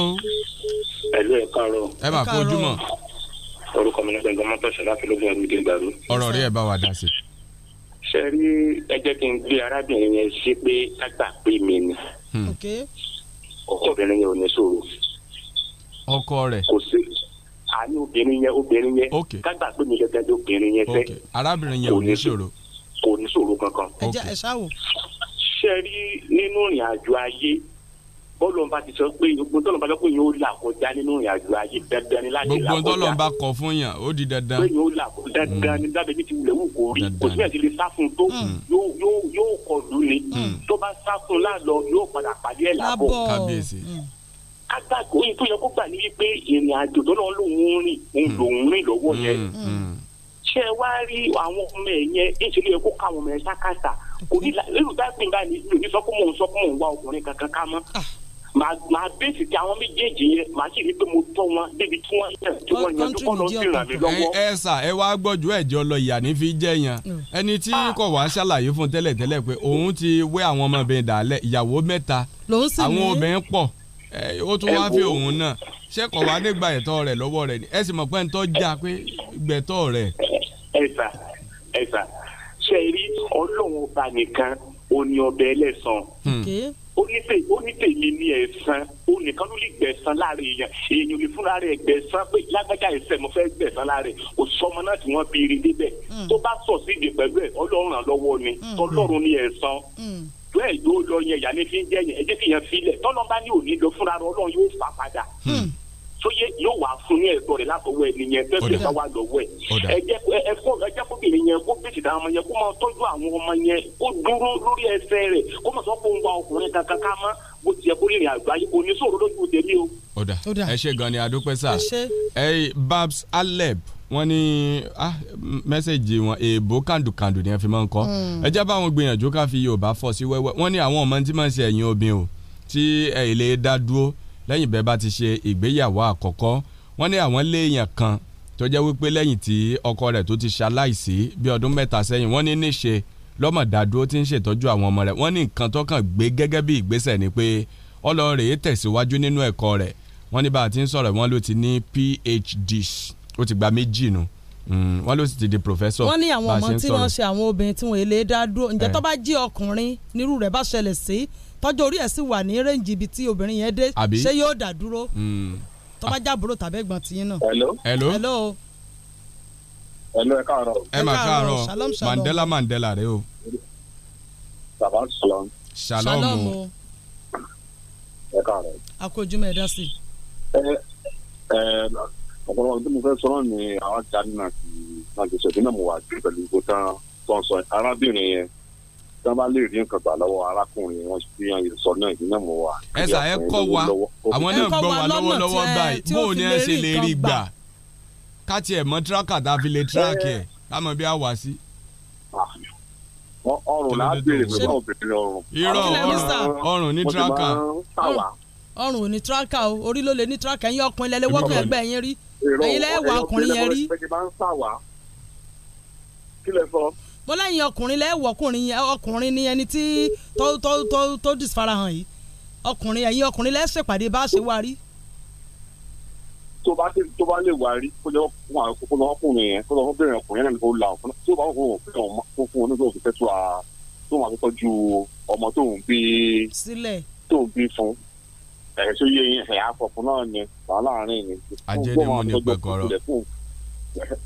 hello ẹ káàárọ̀. ẹ bá fojú mọ. orúkọ mi ní gbẹngàn mọtò ṣe rí ẹ jẹ́ kí n gbé arábìnrin yẹn sí pé kágbà pé mi ni hmm. ọkọ obìnrin yẹn ò ní sọ̀rọ̀ ọkọ rẹ̀ kò sí àní obìnrin yẹn obìnrin yẹn kágbà pé mi gẹ́gẹ́ bí obìnrin yẹn fẹ́ arábìnrin yẹn ò ní sọ̀rọ̀ kò ní sọ̀rọ̀ kankan ṣe rí nínú ìrìn àjò ayé bọ́ọ̀lù ọ̀nba ti sọ pé gbogbo tọ́lọ̀ bá lọ́kùnrin yóò là kọjá nínú ìrìnàjò ayé dandan ni láti là kọjá. gbogbo tọ́lọ̀ kọ fún yàn ó di dandan. pé yóò là dandan ni mm. dábẹ́ bí ti wulẹ̀ wù kó rí kò sí ẹ̀sìn lè sá fún tó mm. yóò kọ lù ní mm. tó bá sá fún lálọ yóò padà pàdé ẹ̀ lábọ̀. kábíyèsí. kátàkó yìí tó yẹ kó gbà ní wípé ìrìnàjò tó lọ́ọ́ lòún rìn lòún rìn lọ́wọ́ yẹn ṣe wá rí àwọn ọmọ ẹ̀ yẹn ìṣèlú yẹn kó ká àwọn ọmọ ẹ̀ sákàtà kò ní lérò dágbìn báyìí ní sọ pé wá ọkùnrin kankan ká mọ́ ah màá màá bẹ́sì kí àwọn méjèèjì yẹn màá sì rí pé mo tọ́ wọn débi tí wọ́n yẹ tí wọ́n yanjú kọ́ lọ sí ìrànlẹ́ lọ́wọ́. ẹ sà ẹ wá gbọ́jú ẹ̀jọ́ lọ ìyá fi jẹ́ yan mm. ẹni tí ah. kò wá ṣàlàyé fún tẹ́lẹ̀ tẹ́lẹ̀ pé òun ti wé àwọn ọmọbìnrin dàálẹ̀ ìyàwó mẹ́ta àwọn obìnrin pọ̀ ó tún wá fi òun náà ṣé kò wá nígbà ẹ̀tọ́ rẹ̀ lọ́wọ́ rẹ̀ ẹ sì mọ̀ pé ń tọ́ pé gbẹ̀tọ́ rẹ̀. ẹ sà ẹ sà rí ọlọ́run ọba nìkan ò ní ọbẹ̀ ẹlẹ́sàn. Hmm onítè onítè mi ní ẹ̀sán onìkan ló lè gbẹ̀sán láàrin èèyàn èèyàn lè fúnra rẹ̀ gbẹ̀sán pé lágbájá ẹ̀sẹ̀ mo fẹ́ gbẹ̀sán láàrin kò sọmọ náà tí wọ́n béèrè débẹ̀ hmm. tó bá sọ̀ sí ìdè pẹ̀lú ẹ̀ ọlọ́run lọ́wọ́ ni hmm. tọ́lọ́run ní ẹ̀sán hmm. bẹ́ẹ̀ yóò lọ yẹn ìyá ní fi ń jẹ́ yẹn ẹ jẹ́ kí yẹn filẹ̀ tọ́lọ́ bá ní òní lọ fúnra rẹ̀ ọlọ́run yóò fà padà sóyè yóò wá fún ní ẹ̀tọ́ rẹ̀ látọwọ́ ẹni yẹn fẹsẹ bá wà lọ́wọ́ ẹ ẹ jẹ ẹ fọ ẹ jẹ kóbìnrin yẹn kó bèsì dáhùn ọmọ yẹn kó máa tọ́jú àwọn ọmọ yẹn kó dúró lórí ẹsẹ̀ rẹ̀ kó máa sọ pé òun gba ọkùnrin kankan ká mọ bó tiẹ̀ kó rìnrìn àgbà yìí kò ní sọ̀rọ̀ lójú tèmi o. ó dà ẹ ṣe gan ni adúpẹ́ sá ẹ babs aleb wọ́n ní ah, mẹ́sẹ̀gì wọn èèbó kàndùkàndù ni wọ́n fi máa ń kọ́ hmm. ẹ jẹ́ báwọn gbìyànjú ká fi yorùbá fọ́ sí wẹ́wẹ́ wọ́n ní àwọn ọmọ tí máa ń ṣe ẹ̀yìn obìn o tí ẹ̀ lè dá dúró lẹ́yìn bẹ́ẹ̀ bá ti ṣe ìgbéyàwó àkọ́kọ́ wọ́n ní àwọn léèyàn kan tó jẹ́ wípé lẹ́yìn tí ọkọ rẹ̀ tó ti ṣaláìsí bí ọdún mẹ́ta sẹ́yìn wọ́n ní níṣe lọ́mọ̀dádúró ti ń ṣètọ́jú àwọn ọmọ rẹ̀ wọ́n ní nǹkan tó kàn gbé gẹ́gẹ́ bí ìgbésẹ̀ ni pé ọlọ́ọ̀rẹ́ tẹ̀síwájú nínú ẹ̀kọ́ rẹ̀ wọ́n ní bá a ti ń sọ̀rọ̀ wọ́n ló ti ní PhD ó ti gba méjì nu hmm, wọ́n ló sì ti di professor. wọ́n ní àwọn ọmọ tí wọ́n ṣe àwọn obìnrin tí wọ́n èlé dá dúró ǹjẹ́ eh. tó bá jí ọkùnrin nírú rẹ̀ bá ṣẹlẹ̀ sí tọ́jú orí ẹ̀ sì wà ní rẹ́ǹjì ibi tí obìnrin yẹn dé ṣé yóò dà dúró hmm. tọ́ba jábúrò tàbí ẹ̀gbọ́n tiyín náà. hello hello hello ẹ káàárọ̀. ẹ máa mandela mandela rẹ o. baba shalom. shalom o. ẹ káàárọ̀. akójú mẹ́ẹ̀dá sí. ẹ ẹ ọ̀pọ̀lọpọ̀ tí mo fẹ́ sọ̀rọ̀ ni àwọn jáde náà ti máa ṣe ṣèdínà mo wà jù pẹ̀lú ìbò tán tó ń arábìnrin yẹn tí wọ́n bá lè rí nǹkan gbà lọ́wọ́ arákùnrin wọn sí ìsọ náà iná mọ̀ wá. ẹ sà ẹ kọ́ wa àwọn náà gbọ́ wa lọ́wọ́lọ́wọ́ báyìí bó o ní ẹ ṣe lè rí gbà ká tiẹ̀ mọ tíráàkà tá a fi lè tíráàkì ẹ̀ lámọ̀ eh. bí a wà sí. Ah. ọrùn là á béèrè pé báwo ọrùn. irọ́ ọrùn ní tíráàkà. ọrùn ní tíráàkà o orí ló lè ní tíráàkà ẹ̀yin ọkùnrin lẹ́lẹ́ wọ́kùnrin kí lẹ sọ mo lẹ́yìn ọkùnrin lẹ́wọ̀ ọkùnrin ọkùnrin ni ẹni tí tó tó tó tó disfarahàn yìí ọkùnrin ẹ̀yin ọkùnrin lẹ́ ṣèpàdé bá ṣe wá rí. tó bá lè tó bá lè wá rí kó lọ fún àwọn kó lọ ọkùnrin yẹn kó lọ fún bẹ̀rẹ̀ ọkùnrin yẹn kó la ọ̀fun tí ó bá wọ́n fún ọmọ fún fún onígbà òfin fẹ́tọ́ a tó máa fi tọ́jú ọmọ tó ń bí sílẹ̀ tó ń bí fún ẹ̀ sóyè ẹ̀ àfọ̀fún náà ni wàhálà àárín ni. ajẹ́rìí wọn ní gbẹ̀gọ́rọ̀ fẹ́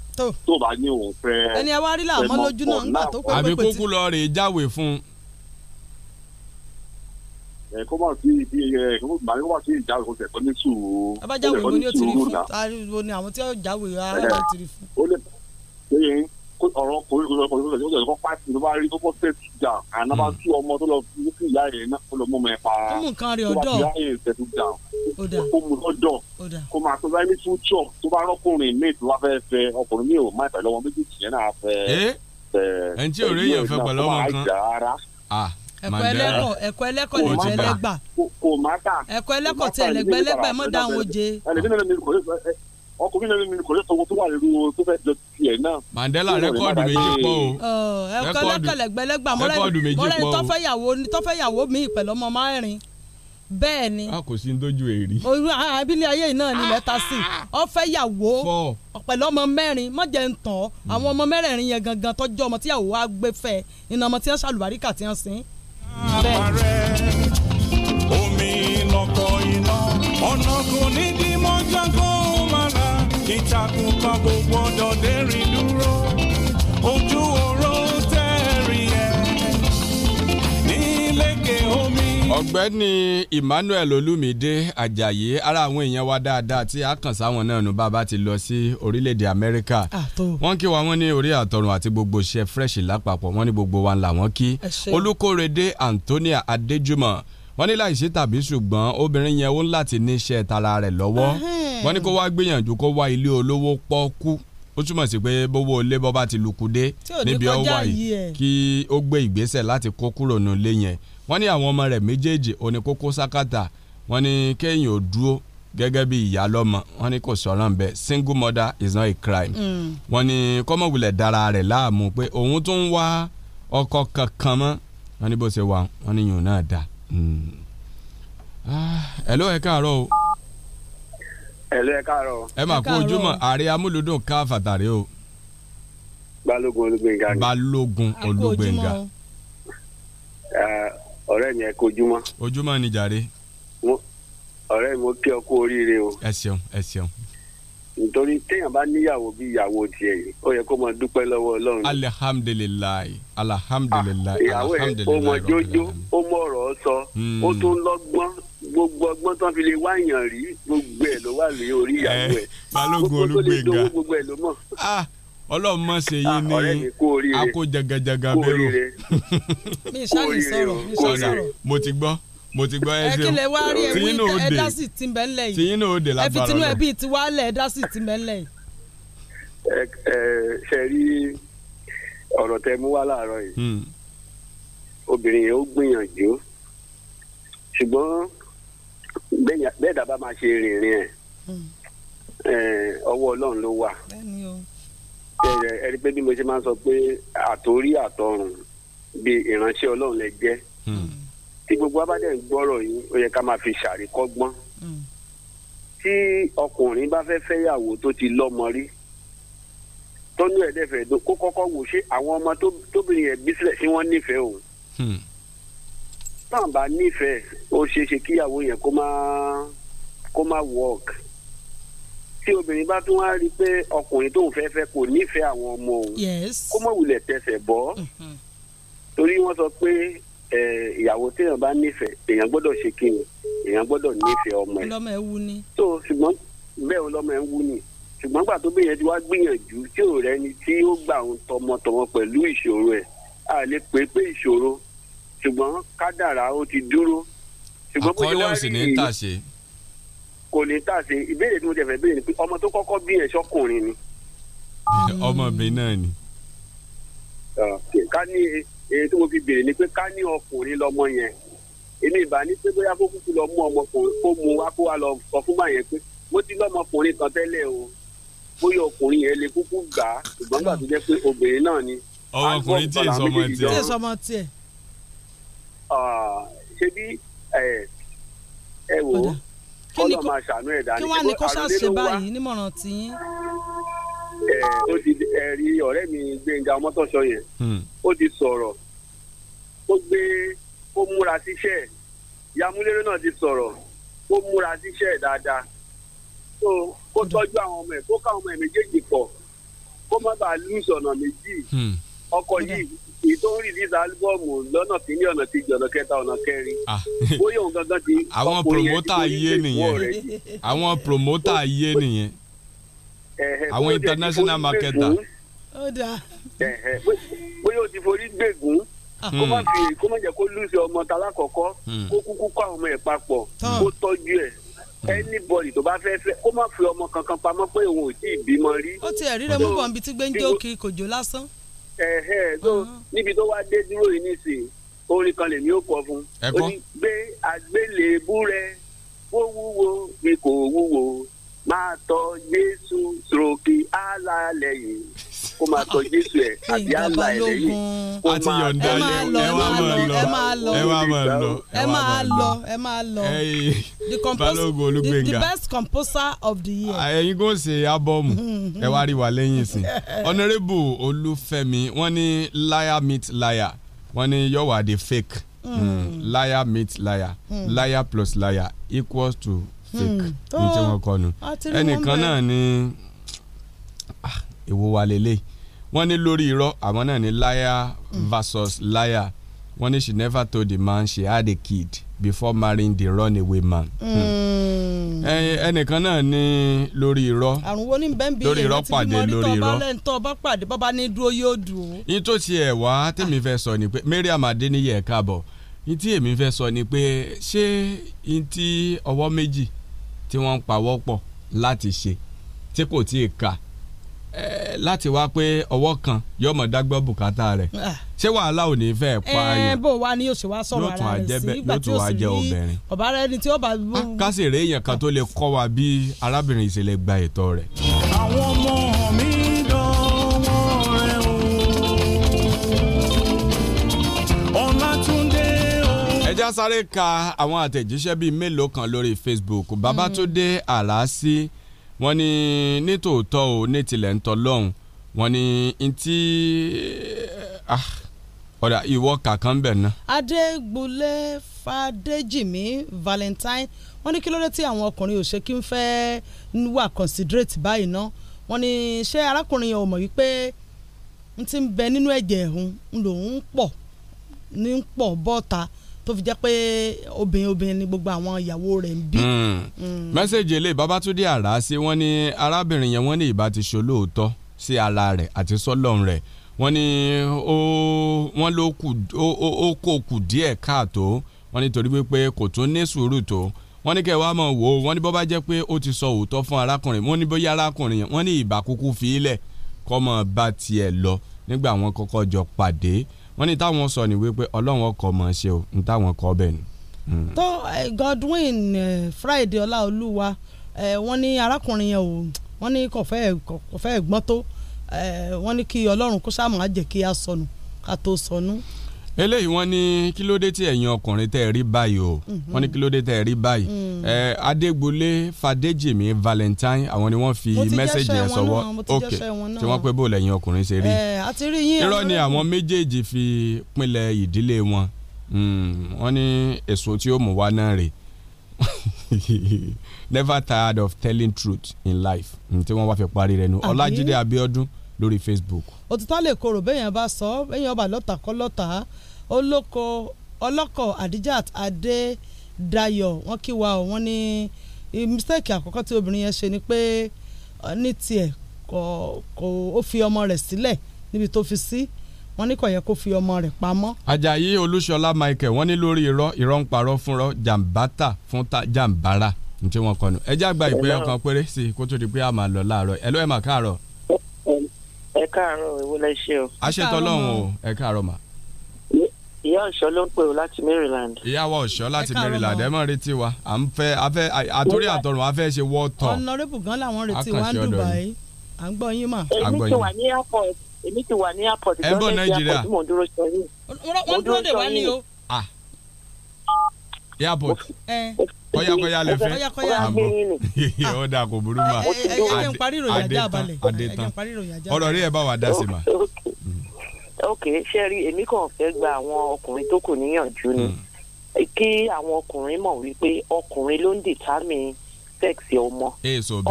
tó bá ní òun fẹ́ ẹni àwa rí làmọ́ lójú náà ńgbà tó pẹ́ pẹ́ tí. àbí kúkú lọ rè é jáwèé fún un. ẹ kó má sí ibi ẹ kó má sí ìjáwèé fún tẹ̀kọ́ ní sùúrù. abájáwèé wo ni ó ti rí fún wo ni àwọn tí ó ah, lè ṣe é ọ̀rọ̀ kòríkòríkòríkòríkòrí kọ́ pàṣẹ ló bá rí tó bọ́ sẹ́ẹ̀tì jà àná bá tú ọmọ tó lọ fún ìyá yẹn náà kó lọ mú ọmọ ẹ̀ pa tó bá ìyá yẹn jà kó mú lọ́dọ̀ kó máa tó bá ní fúnjọ tó bá rọ́kùnrin míì tó bá fẹ́ fẹ́ ọkùnrin míì ò má ìfẹ́ lọ́wọ́ méjèèjì yẹn náà fẹ́ ẹ̀ ẹ̀ ẹ̀ ẹ̀kọ́ ẹlẹ́kọ̀ ẹ̀kọ́ ẹlẹ́kọ̀ ní tẹlẹgbà ẹ̀kọ́ ẹlẹ́kọ̀ tẹlẹgbà ẹlẹgbà ẹ mọ dáhùn oje ọkùnrin náà ni kò lè sọ owó tó wà nínú tó fẹ́ jọ tiẹ̀ náà. Mandela rẹ́kọ̀dù méjì pọ̀ o. ẹ̀kọ́ lẹ́kẹ̀lẹ́gbẹ̀lẹ́gbà mọ́lẹ́ tọ́fẹ́yàwó tọ́fẹ́yàwó mi pẹ̀lú ọmọ márùn-ún bẹ́ẹ̀ ni. a kò sí ní dojú èrì. abilé ayé yìí náà ni lẹ́tà sí ah, ah. ọ̀fẹ́ yàwó pẹ̀lú ọmọ mẹ́rin mọ̀jẹ̀ ń tàn hmm. àwọn ọmọ mẹ́rẹ̀ẹ̀rin yẹn gangan tọ́jú ọmọ tíyàwó wa gbé fẹ́ iná ọmọ tí wọ́n ṣàlùbáríkà tí wọ́n sìn. àpàrẹ omi lọkọ iná ọ̀nà kò ní dí mọ́jágọ́ ìtàkùn kan kò gbọ́dọ̀ dẹ́rìn dúró ojú oró tẹ̀rìn ẹ̀ níléke omi. ọ̀gbẹ́ni Emmanuel Olúmídé Àjàyí ara àwọn èèyàn wa dáadáa tí a kàn sáwọn náà nù bàbá ti lọ sí orílẹ̀-èdè Amẹ́ríkà wọ́n kí wa wọ́n ní orí àtọ̀run àti gbogbo iṣẹ́ fresh lápapọ̀ wọ́n ní gbogbo wa ńlá wọ́n kí Olúkórèdé Antonia Adéjùmọ̀ wọ́n ní láìsí tàbí ṣùgbọ́n obìnrin yẹn ó láti níṣẹ́ tara rẹ̀ lọ́wọ́ wọ́n ní kó wá gbìyànjú kó wá ilé olówó pọ́kú ó túmọ̀ sí pé bówó ilé bọ́ bá ti lùkúdé níbi ó wà yìí kí ó gbé ìgbésẹ̀ láti kó kúrò nílé yẹn wọ́n ní àwọn ọmọ rẹ̀ méjèèjì òní kókó sákàtà wọ́n ní kéèyàn ò dúró gẹ́gẹ́ bí ìyá lọ́mọ wọ́n ní kò sọ̀rọ̀ ń bẹ̀ single mother is not a crime hmm. wọ́n ní kọ́mọ̀wulẹ̀ dára rẹ̀ láàmú pé òun tún ń wá ọkọ kankan mọ́ wọ́n ní bó ṣe wà wọ́n ní yòó náà dáa Hmm. Ah, hello ẹ káàárọ̀ o. hello ẹ káàárọ̀. ẹ máa kú ojúmọ́ ààrẹ amúlùdùn ká fàtàrí o. balógun olúgbẹ̀ngà ni. balógun olúgbẹ̀ngà. ọ̀rẹ́ mi ẹ kú ojúmọ́. ojúmọ́ ni jàre. ọ̀rẹ́ mi mo kí ọ kú oríire o. ẹ ṣeun ẹ ṣeun nítorí téèyàn bá níyàwó bí ìyàwó tiẹ̀ yìí ó yẹ kó máa dúpẹ́ lọ́wọ́ ọlọ́run. alihamdulilayi alihamdulilayi ah, ìyàwó ẹ ó mọ jójó ó mọ ọ̀rọ̀ sọ ó hmm. tún lọ́gbọ́n gbogbo ọgbọ́n tán fi lè wá èèyàn rí gbogbo ẹ̀ ló wà lé orí ìyàwó eh, ẹ̀ gbogbo ẹ̀ ló mọ̀. Ah, ọlọ́run mọ̀ ṣe yín ah, ní akó jagajaga bẹ́rù. mi ì sáré sọ̀rọ̀ mi ì sáré sọ̀rọ̀. mo ti gbọ́ mo ti gbọ́ ẹ ṣeun ẹ kílẹ̀ wá rí ẹ wí ẹ dá sí ti ń bẹ́ tiyín náà ó lágbára lọ ẹ fi tinú ẹbí ti wá lẹ̀ ẹ dá sí ti ń bẹ́ ńlẹ̀ yìí. ẹ ẹ ṣe rí ọ̀rọ̀ tẹ mú wá láàárọ̀ yìí hmm. obìnrin yẹn ó gbìyànjú ṣùgbọ́n bẹ́ẹ̀ dábàá máa ṣe rìnrìn ẹ̀ hmm. ọwọ́ ọlọ́run ló wà ẹ rí pé bí mo ṣe máa ń sọ pé àtórí àtọrùn bíi ìránṣẹ́ ọlọ́run lẹ jẹ́. Hmm tí gbogbo abádẹ́ ń gbọ́rọ̀ yìí ó yẹ ká máa fi ṣàríkọ́gbọ́n mm. tí ọkùnrin bá fẹ́ fẹ́yàwó tó ti lọ́mọ rí tó ní ẹ̀dẹ́fẹ̀ kó kọ́kọ́ wò ṣé àwọn ọmọ tóbìnrin yẹn bí sílẹ̀ ṣé wọ́n nífẹ̀ẹ́ òun hmm. tán bá nífẹ̀ẹ́ ó ṣeé ṣe kíyàwó yẹn kó má kó má work tí obìnrin bá tún wá rí i pé ọkùnrin tóun fẹ́ fẹ́ kò nífẹ̀ẹ́ àwọn ọmọ òun kó má wulẹ̀ tẹsẹ̀ bọ́ mm-hmm. torí wọ́n sọ pé ìyàwó téèyàn bá nífẹ̀ẹ́ èèyàn gbọ́dọ̀ ṣe kí ni èèyàn gbọ́dọ̀ nífẹ̀ẹ́ ọmọ ẹ̀. ọlọmọ ẹ wú ni. tó ṣùgbọ́n bẹ́ẹ̀ ọlọmọ ẹ wú ni ṣùgbọ́n gbà tó bẹ̀yẹn ti wá gbìyànjú tí ò rẹ́ni tí ó gbà ń tọmọtọmọ pẹ̀lú ìṣòro ẹ̀ a lè pè pé ìṣòro ṣùgbọ́n kádàrá ó ti dúró. àkọọ́lẹ̀ ò sì ní tà ṣe. kò ní tà ṣe ìbéèrè tí mo ká ní èyí e, tí mo fi béèrè ni pé ká ní ọkùnrin lọmọ yẹn èmi ìbá ní pé bóyá kó kúkú lọ mú ọmọkùnrin kó mu wá kó wá lọ sọ fún bá yẹn pé mo ti lọmọkùnrin kan tẹ́lẹ̀ o bóyá ọkùnrin yẹn lè kúkú gbà á ṣùgbọ́n gbà tó jẹ́ pé obìnrin náà ni. ọmọkùnrin tí èso ọmọ tiẹ̀. tí èso ọmọ tiẹ̀. ṣé bí ẹ wò ó kọ́lọ́ máa ni pé àrùn kó ṣàṣe báyìí nímọ̀ràn tiyín ó ti ẹ̀rí ọ̀rẹ́ mi Gbẹ́ngà Ọmọ́tọ́ṣọ yẹn hmm. ó ti sọ̀rọ̀ ó gbé ó múra síṣẹ́ Yamúlérè náà ti sọ̀rọ̀ ó múra síṣẹ́ dáadáa so kó tọ́jú àwọn ọmọ ẹ̀ kó ká ọmọ ẹ̀ méjèèjì pọ̀ kó má bàa lùsọ̀ ọ̀nà méjì hmm. ọkọ̀ yìí èyí tó ń rìlíìsì álúbọ̀mù lọ́nà kìíní ọ̀nà kejì ọ̀nà kẹta ọ̀nà kẹrin ah. bóyá òun gangan ti. àwọn promota yé nìyẹn àwọn promota yé nìyẹn àwọn international marketer. ó dáa. bóyá o ti forí gbègùn ah. kó má hmm. fi kó má jẹ́ kó lùsì ọmọ tala kọ̀kọ́ hmm. kó kúkú kọ́ àwọn ọmọ ẹ̀ papọ̀ kó tọ́jú ẹ̀ hmm. anybody tó bá fẹ́ fẹ́ kó má fi ọmọ kankan pamọ́ pé òun ò tí ì bímọ rí. ó ti ẹ̀rí rẹ mú bọ̀ níbi tí gbẹ́ńjẹ́ òkiri kò jó lásán. Ah. níbi tó wá dé dúró yìí nísìnyí orin kan lèmi ó kọ fún un. ó ní gbé àgbélébú rẹ wó wúwo mi kò wúwo máa tọ jésù sòròkì àlà lẹ́yìn kó máa tọ jésù ẹ àbí àlà ẹ kó máa tọ lẹ ẹ máa lọ ẹ máa lọ ẹ máa lọ ẹ máa lọ ẹ máa lọ the composer the, best composer of the year. Ah, ẹ̀yin kò ṣe ábọ́ọ̀mù ẹ wá rí wa lẹ́yìn sí ọ̀nàrẹ́bù olúfẹ́mi wọ́n ní liar meet liar wọ́n ní you the fake mm. Mm. liar meet liar mm. liar plus liar equals to fake ní tí wọ́n kọ nu ẹnìkan náà ni ah, èwo wa lélẹ̀ wọ́n ní lórí irọ́ àwọn náà ni liar hmm. versus liar wọ́n ní she never told the man she had a kid before marrying the runaway man. Hmm. Hmm. ẹnìkan náà ní lórí irọ́ àrùn wo ni bẹ́ẹ̀ bí lórí irọ́ pàdé lórí irọ́ tó bá pàdé bọ́ bá ní dúró yóò dùn. yín tó tiẹ̀ wá ah. tèmi fẹ́ sọ ni pé Mariam Adéníyẹ káàbọ̀ yín tí èmi fẹ́ sọ ni pé ṣé yín tí ọwọ́ méjì tí wọ́n ń pawọ́ pọ̀ láti ṣe tí kò tí ì kà láti wá pé ọwọ́ kan yóò mọ̀ dágbọ́ bùkátà rẹ̀ ah. ṣé wàhálà ò ní fẹ́ pa ayọ̀ eh, bó wa ni yóò ṣe wá sọ̀rọ̀ ara rẹ̀ sí ìgbà tí yóò sì rí ọ̀bá rẹ̀ ni tí ó bá. Ah, kásìrè èèyàn kan tó lè kọ́ wa bí arábìnrin ìṣẹ̀lẹ̀ gba ẹ̀tọ́ rẹ̀. àwọn ọmọ ẹja sáré ka àwọn àtẹ̀jíṣẹ́ bíi mélòó kan lórí Facebook Babátúndé Àlàásí wọ́n ní nítòótọ́ o ní tilẹ̀ ń tọ́ lọ́hùn wọ́n ní ntí ah, ọ̀dà ìwọ kàkán bẹ̀ ná. Adégbulé Fadéjìmí Valentine wọ́n ní kí ló dé tí àwọn ọkùnrin ò ṣe kí n fẹ́ wà considerate báyìí ná wọ́n ní ṣé arákùnrin yẹn ò mọ̀ wípé n ti bẹ nínú ẹ̀jẹ̀ ẹ̀hún lòún pọ̀ ní pọ̀ bọ́ta tó fi jẹ́ pé obìnrin obìnrin ni gbogbo àwọn ìyàwó rẹ̀ ń bí. Hmm. Hmm. mẹ́sẹ̀gì eléyìí Babátúndé àrà sí wọ́n ní arábìnrin yẹn wọ́n ní ìbá ti ṣolóòótọ́ sí ara rẹ̀ àti sọ́lọ́run rẹ̀ wọ́n ní wọ́n ló kó kù díẹ̀ káàtó wọ́n ní torí wípé kò tún ní sùúrù tó wọ́n ní kẹwàá mọ̀ wò ó wọ́n ní bọ́ bá jẹ́ pé ó ti sọ òótọ́ fún arákùnrin wọ́n ní bóyá arákùnrin yẹn wọ́n ní ìbá kúkú fi í lẹ̀ kọ́mọ bá tiẹ̀ lọ nígbà wọn kọ́kọ́ jọ pàdé wọ́n ní táwọn sọ ní wípé ọlọ́run ọkọ̀ mọ̀ ṣe o ní táwọn kọ́ bẹ́ẹ̀ ni. Hmm. tó eh, Godwin eh, Friday Ọláolúwa eh, wọ́n ní arákùnrin yẹn o wọ́n ní kò fẹ́ gbọ́n tó wọ́n ní kí ọlọ́run kó sáà má jẹ́ kí a sọnù ká tó sọnù eléyìí wọ́n ní kí ló dé tí ẹ̀yin ọkùnrin tẹ́ ẹ rí báyìí o mhm. wọ́n ní kí ló dé tẹ́ ẹ rí báyìí mm. ẹ Adégbọlé Fadéjìmí Valentine àwọn ni wọ́n fi mẹ́sẹ̀gì yẹn sọwọ́ ok tí wọ́n pẹ́ bó lẹ́yìn ọkùnrin ṣe rí irọ́ ni àwọn méjèèjì fi pinlẹ̀ ìdílé wọn hmm, wọ́n ní èso tí ó mú wá náà rèé never tired of telling truth in life tí wọ́n wá fi parí rẹ̀ nu Ọlájídé Abíọ́dún lórí Facebook. òtítọ́ lè korò bẹ́ẹ̀ yẹn bá sọ bẹ́ẹ̀ yẹn ọba lọ́tà kọ́ lọ́tà olóko ọlọ́kọ̀ Adijat Adédayọ̀ wọ́n kí wa ọ̀ wọ́n ní mistake àkọ́kọ́ tí obìnrin yẹn ṣe ni pé ní tiẹ̀ kò kò ó fi ọmọ rẹ̀ sílẹ̀ níbi tó fi sí wọ́n ní kò yẹ kó fi ọmọ rẹ̀ pamọ́. Ajayi Olúṣọlá Michael wọ́n ní lórí irọ́ irọ́ ń parọ́ fúnrọ́ jàǹbátà fún jàǹbára ní tí wọ́n kọnu ẹ jágbá ìpè ọkàn péré sí i kó tó di pé a máa lọ láàárọ̀ ẹ ló ẹ mà káàárọ̀. ẹ káàárọ̀ ìwọlẹ ṣe o. a ṣètò Ọlọ́run o ẹ káàárọ̀ mà ìyá ọ̀ṣọ́ ló ń pè ó láti Maryland. ìyá wa ọ̀ṣọ́ láti Maryland ẹ mọ̀ retí wa à ń fẹ́ afẹ́ àtòrí àtọrùn afẹ́ ṣe wọ́ tọ̀. ọ̀nàrẹ́bù gan làwọn retí wa ń Dubai à ń gbọ́ yín mà. èmi ti wà ní airport èmi ti wà ní airport ìjọba ní airport mò ń dúró sọ yín. wọ́n dúró dè wá ní o. Ah. airport kọ́yákọ́yá lẹ fẹ́ àbọ̀ ó dà kò burú ma adé tán ọ̀rọ̀ rí ẹ bá wa dá sí ma ok ṣẹ́rí èmi kàn fẹ́ gba àwọn ọkùnrin tó kù níyànjú ni hmm. kí àwọn ọkùnrin mọ̀ wípé ọkùnrin ló ń determine sex ọmọ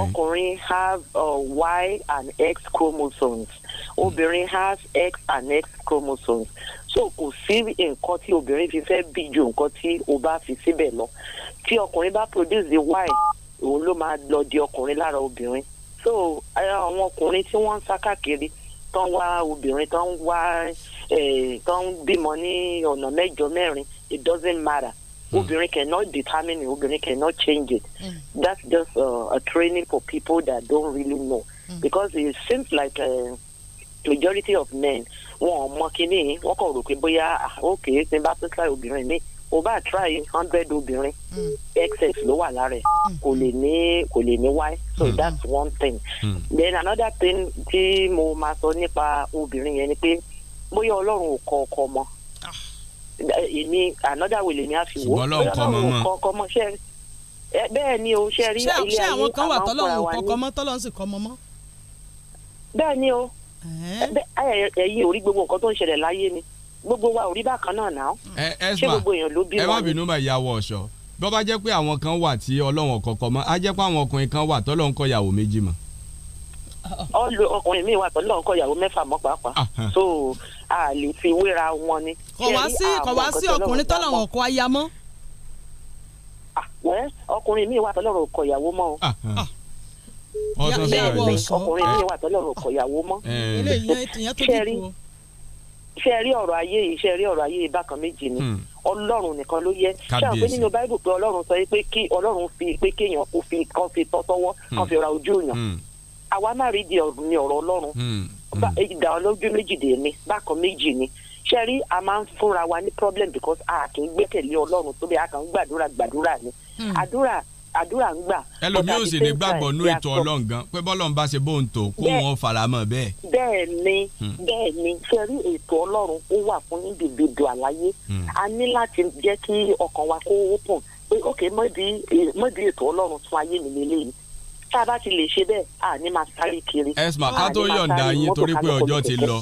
ọkùnrin have uh, y and x chromosomes hmm. obìnrin mm. has x and x chromosomes so kò sí nǹkan tí obìnrin fi fẹ́ bí ju nǹkan tí o bá fi síbẹ̀ lọ tí ọkùnrin bá produce the y òun ló máa lọ di ọkùnrin lára obìnrin so àwọn ọkùnrin tí wọ́n ń sá káàkiri tó ń wá obìnrin tó ń wá eh, tó ń bímọ ní ọ̀nà mẹ́jọ mẹ́rin it doesn't matter. Mm. Ubering cannot determine it, Ubering cannot change it. Mm. That's just uh, a training for people that don't really know. Mm. Because it seems like a uh, majority of men, wọn mọ kínní, wọn kàn rò pé bóyá ah, okay, ṣe bá tún ṣàì obìnrin mi, kò bá try hundred obìnrin hmm. excess ló wà lára ẹ̀ hmm. kò lè ní kò lè ní wáyé so mm. that's one thing mm. then another thing tí mo máa sọ nípa obìnrin yẹn ni pé bóyá ọlọ́run ò kọ ọkọ mọ́ èmi another way lèmi á fi wò ó bóyá ọlọ́run ò kọ ọkọ mọ́ ṣe bẹ́ẹ̀ ni o ṣe rí ilé ayé àwọn wa ní. ṣé àwọn kan wà tọ́lọ́run kọ ọkọ mọ́ tọ́lọ́run sì kọ́ ọmọ mọ́. bẹ́ẹ̀ ni o ẹ̀yin ò rí gbogbo nǹkan tó ń ṣẹlẹ̀ láyé ni gbogbo wa ò rí bákan náà náà. ẹ ẹ sọ ẹ má bínú mà ìyá wọ ọ̀ṣọ́ bí bá jẹ́ pé àwọn kan wà tí ọlọ́run kọ̀ọ̀kọ̀ mọ́ á jẹ́ pé àwọn ọkùnrin kan wà tọ́lọ́run kọ ìyàwó méjì mọ́. ọlọ ọkùnrin mi wà tọ́lọ́run kọ ìyàwó mẹ́fà mọ́ pàápàá so a lè fi wéra wọn ni. kò wá sí kò wá sí ọkùnrin tọ́lọ́run kọ aya mọ́. Ah, wẹ́ ọkùnrin mi wà tọ́lọ́run kọ ìyàwó mọ́ o ah. ọkùnrin mi wà tọ́lọ́run kọ ìyàwó mọ́. Eh. ṣẹ́rí ṣe rí ọ̀rọ̀ ayé yìí ṣe rí ọ̀rọ̀ ayé yìí bákan méjì ni hmm. ọlọ́run nìkan ló yẹ ṣáà pé nínú báíbù pé ọlọ́run sọ pé kí ọlọ́run fi pé kéèyàn kó fi kan fi tọ́ sọ́wọ́ kan hmm. fi ra ojú èèyàn hmm. àwa má rí di ọ̀rọ̀ ni ọ̀rọ̀ ọlọ́run ìdá ọlọ́jú méjì dè mí bákan méjì ni ṣe rí a máa ń fúnra wa ní problem because a kì í gbẹ́kẹ̀lé ọlọ́run tó bí a kàn ń gbàdúrà gbàdúrà ni àdúrà àdúrà ń gbà. ẹlòmíì ò sì ní gbàgbọ́ nú ètò ọlọ́run gan pé bọ́lọ́run bá ṣe bóun tó kó wọn faramọ́ bẹ́ẹ̀. bẹ́ẹ̀ ni hmm. bẹ́ẹ̀ ni sẹ́rí ètò ọlọ́run ó wà fún individu àlàyé hmm. a ní láti jẹ́ kí ọkàn wa kó open pé ok mọ̀dí ètò ọlọ́run tún ayé mi lélẹ̀ yìí tá a bá ti lè ṣe bẹ́ẹ̀ a ní máa sáré kiri. ẹ sùn ká tó yọ̀ǹda yín torí pé ọjọ́ ti lọ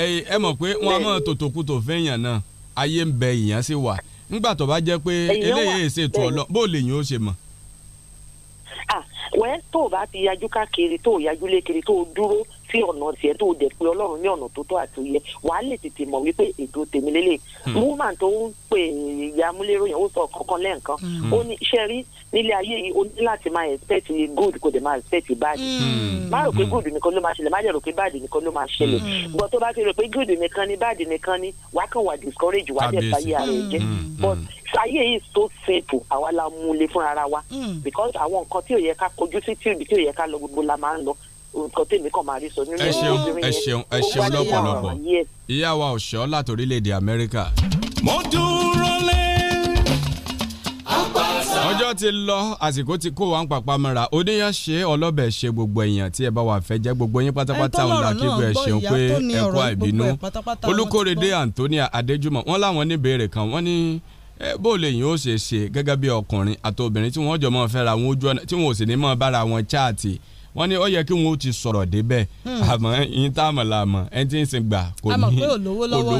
ẹ mọ̀ pé wọ́n mọ̀ tòtòkùtò fẹ́yàn náà ayé ń bẹ ìyàn sí wà nígbà tó bá jẹ́ pé eléyìí èsè ọlọ́ bó lè yín ó ṣe mọ̀ wẹ́ tó o bá ti yajú káàkiri tó o yajú lékiri tó o dúró tí ọ̀nà tiẹ̀ tó dẹ̀ pé ọlọ́run ní ọ̀nà tó tọ́ àti yẹ wàá lè tètè mọ̀ wípé ètò tèmi lélẹ̀ woman hmm. tó ń pè ìyá múlẹ́rọ̀ yẹn ó sọ kankan lẹ́ẹ̀kan hmm. ó ní iṣẹ́ rí nílé ayé yìí ó ní láti máa expect good kò dẹ̀ máa expect bad hmm. má rò pé good nìkan ló máa ṣẹlẹ̀ má jẹ́ rò pé bad nìkan ló máa ṣẹlẹ̀ but tó bá ti rò pé good nìkan ni bad nìkan ni wàá kàn wà discourage wàá dẹ̀ fàyè ara ẹ̀ jẹ́ but ayé yìí so simple àwa la mú un lé fúnra wa because àwọn nǹkan tí ò yẹ ká kojú sí tí ò yẹ ká lọ gbogbo la máa ń lọ nǹkan tèmi kàn máa rí sọ nínú obìnrin yẹn. ẹ ṣeun ẹ ṣeun lọ́pọ̀lọpọ̀ ìyá wa ọ̀ṣọ́ láti orílẹ̀-èdè Amẹ́ríkà. mo dúró lé ọjọ́ ti lọ àsìkò ti kó wa ń papá mọ́ra oníyàn ṣe ọlọ́bẹ̀ ṣe gbogbo èèyàn tí ẹ bá wà fẹ́ jẹ́ gbogbo yín pátápátá òun là kí ẹ ṣeun pé ẹ kú àìbínú Olúkòrédé Antonia Adéjùmọ̀ wọ́n láwọn níbèrè kan wọ́n ní bó lè yín ó ṣe ṣe gẹ́gẹ́ bí ọkùnrin àti obìnrin tí wọ́n jọ mọ́ fẹ́ra wọn ojú ọ̀nà tí wọ́n ò sì ní mọ́ bára wọn chaàtì wọ́n ní ó yẹ kí wọn ó ti sọ̀rọ̀ débẹ̀ hmm. àmọ́ yín tá àmọ́ la mọ̀ ẹni tí ń sin gbà kò ní kò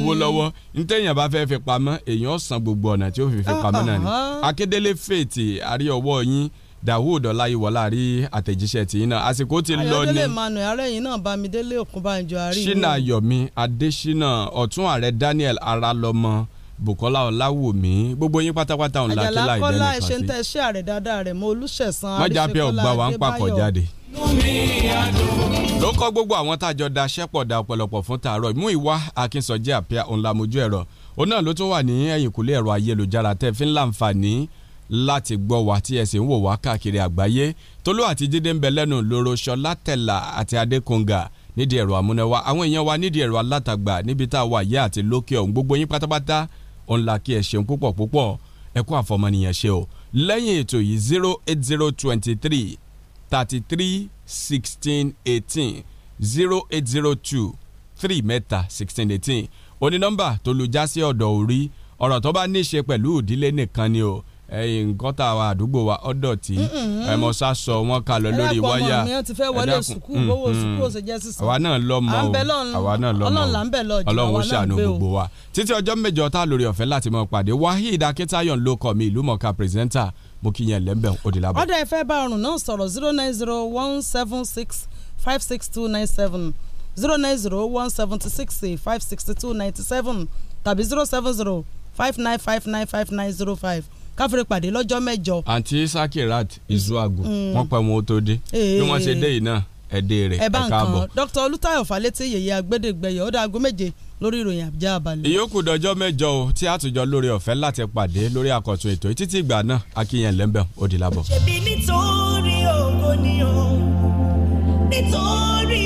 lówó lọ́wọ́ ní téèyàn bá fẹ́ fi pamọ́ èèyàn san gbogbo ọ̀nà tí ó fi fi ah, pamọ́ náà ni ah, ah. Akíndélé fèètì àrí ọwọ́ yín Dawood Ọláyíwọlá rí àtẹ̀jíṣẹ́ tí yín náà àsìkò ti lọ ni Ayọ̀délé manu arẹ́yìn náà Bámidélé Òkúnbánjọ àrí. Ṣínà Yọ̀mí Adésínà Ọ̀tún Ààrẹ Daniel Arálọ́mọ Bukola Ọláwùmí gbogbo yín pátápátá ọ̀la kí láì dẹ́nu kan sí. Àjàlá Kọ́lá ẹ̀ṣẹ̀ ń tẹ iṣẹ́ àrẹ̀ dáadáa rẹ̀ mọ Olúṣẹ̀san Adéṣekọ́lá Adébáyọ̀ ló kọ́ gbogbo àwọn tájọ da ṣẹ́pọ̀ da ọ̀pọ̀lọpọ̀ fún tààrọ̀ mú ìwá akínsọ̀jẹ́ àpẹ́ òǹlàmójú ẹ̀rọ òun náà ló tún wà ní ẹ̀yìnkùlé ẹ̀rọ ayélujára tẹ́ fi ń láǹfààní láti gbọ́ wa tí ẹ sì ń wò wá káàkiri àgbáyé tolú àti jíde ń bẹ lẹ́nu lóró ṣọlá tẹ̀là àti adékọ̀ǹgà nídìí ẹ̀rọ amúnáwá àwọn èèyàn wa nídìí ẹ̀rọ alátagbà níbi tá a wà yé àti lókè ọ̀hún gbogbo yín pátápátá òun la kí ẹ ṣeun púpọ̀ púpọ̀ ẹ kú àfọmọnìyàn ṣe o lẹ́yìn ètò yìí zero eight zero twenty three thirty three sixteen eighteen zero eight zero two three mẹ́ta sixteen eighteen oní nọ́mbà tó lu já sí ọ̀dọ̀ orí ọ̀rọ̀ tó bá ní í ṣe pẹ̀lú ìdílé nìkan ni o ẹ̀yin nǹkan tá a wa àdúgbò wa ọ̀dọ̀ tí ẹmọ sá sọ wọn kà lọ lórí wáyà ẹ̀dàkùn àwa náà lọ mọ o àwa náà lọ mọ o ọlọ́run ó ṣàánú gbogbo wa títí ọjọ́ mẹ́jọ tá a lórí ọ̀fẹ́ láti mọ pàdé Waheed Akitayo ló kọ mi ìlú mọ̀ọ́ká pírẹsẹ́ńtà mo kí yẹn lẹ́ńbẹ̀ òdì lábẹ́. ọ̀dà ìfẹ́ bá ọrùn náà sọ̀rọ̀ zero nine zero one seven six five six two nine seven zero nine zero one seventy six five sixty two ninety seven tàbí zero seven zero five nine five nine five nine zero five káfíńrè pàdé lọ́jọ́ mẹ́jọ. àǹtí sakirat mm. izuagu mm. wọ́n pẹ́ wọn ó tó dé bí wọ́n ṣe dé yìí náà ẹ̀dẹ́ rẹ̀ ẹ̀ka àbọ̀. dr olùtayọ̀ falẹ́tì yẹ̀yẹ́ agbẹ́dẹ́gbẹ́yẹ̀ ó dáago méje lórí ìròyìn àbújá abalẹ̀. ìyókù dọjọ́ mẹ́jọ o tí àtúnjọ lórí ọ̀fẹ́ láti pàdé lórí àkọ́tún ètò títí ìgbà náà akínyẹn lẹ́ńbẹ̀ ó di lábọ̀. ṣèbí nítorí ògo ni o nítorí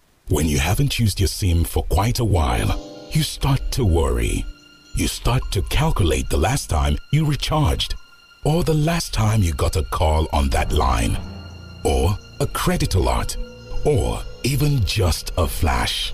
When you haven't used your SIM for quite a while, you start to worry. You start to calculate the last time you recharged, or the last time you got a call on that line, or a credit alert, or even just a flash.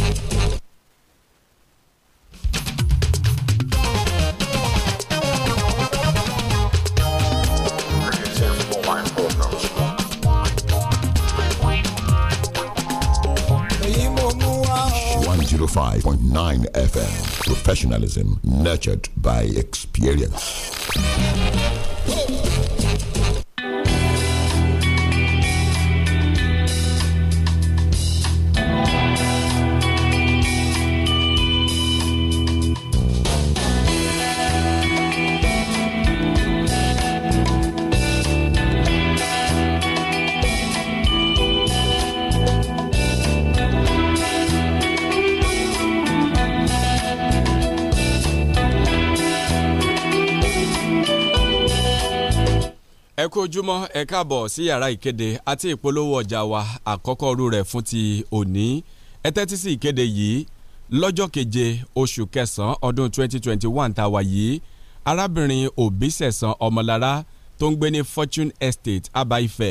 105.9 FM. Professionalism nurtured by experience. ẹ kú ojúmọ́ ẹ káàbọ̀ sí yàrá ìkéde àti ìpolówó ọjà wa àkọ́kọ́ ru rẹ̀ fún ti òní ẹ tẹ́tí sí ìkéde yìí lọ́jọ́ keje oṣù kẹsàn-án ọdún 2021 tá a wà yìí arábìnrin Òbísẹ̀san Ọmọlára tó ń gbé ní Fortune Estate Aba Ife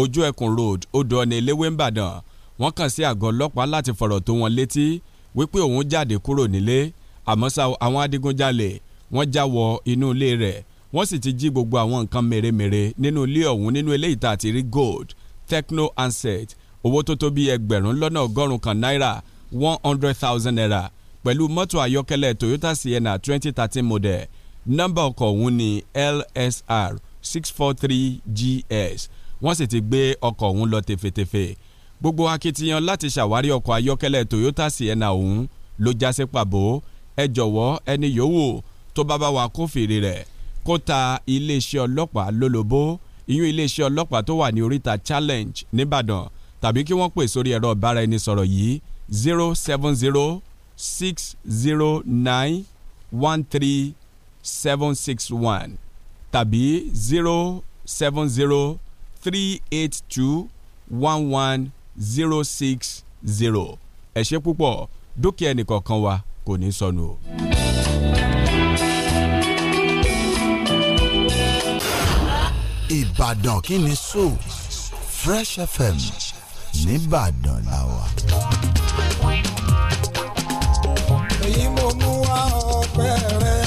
ojú ẹkùn road odò ọ̀nà eléwé ńbàdàn wọ́n kàn sí àgọ́ ọlọ́pàá láti fọ̀rọ̀ tó wọn létí wípé òun jáde kúrò nílé àmọ́ ṣá àwọn adigunjalè wọ́n já wọ inú ilé rẹ̀ wọ́n sì ti jí gbogbo àwọn nǹkan mèremère nínú ilé ọ̀hún nínú eléyìí tá a rí gold techno handset owó tó tó bíi ẹgbẹ̀rún lọ́nà ọgọ́rùn-ún kan náírà one hundred thousand naira pẹ̀lú mọ́tò ayọ́kẹ́lẹ́ Toyota Sienna twenty thirteen model nọ́mbà ọkọ̀ ọ̀hún ni LSR six four three GS wọ́n sì ti gbé ọkọ̀ ọ̀hún lọ tefetefe gbogbo akitiyan láti ṣàwárí ọkọ̀ ayọ́kẹ́lẹ́ Toyota Sienna ọ̀hún ló já sí pàbó ẹ jọ̀wọ́ ẹni yòówù tó bá bá wa kófìrí rẹ̀ kóta iléeṣẹ́ ọlọ́pàá lólobó ìyún iléeṣẹ́ ọlọ́pàá tó wà ní oríta challenge nìbàdàn tàbí kí wọ́n pè sórí ẹ̀rọ ìbáraẹnisọ̀rọ̀ yìí zero seven zero six zero nine one three seven six one tàbí zero seven zero three eight two one one zero six zero ẹ ṣé púpọ̀ dúkìá ẹnìkọ̀ọ̀kan wa kò ní sọnù o. Ìbàdàn kí ni so Fresh FM nìbàdàn la wà. èyí mo mú wá ọpẹ́ rẹ.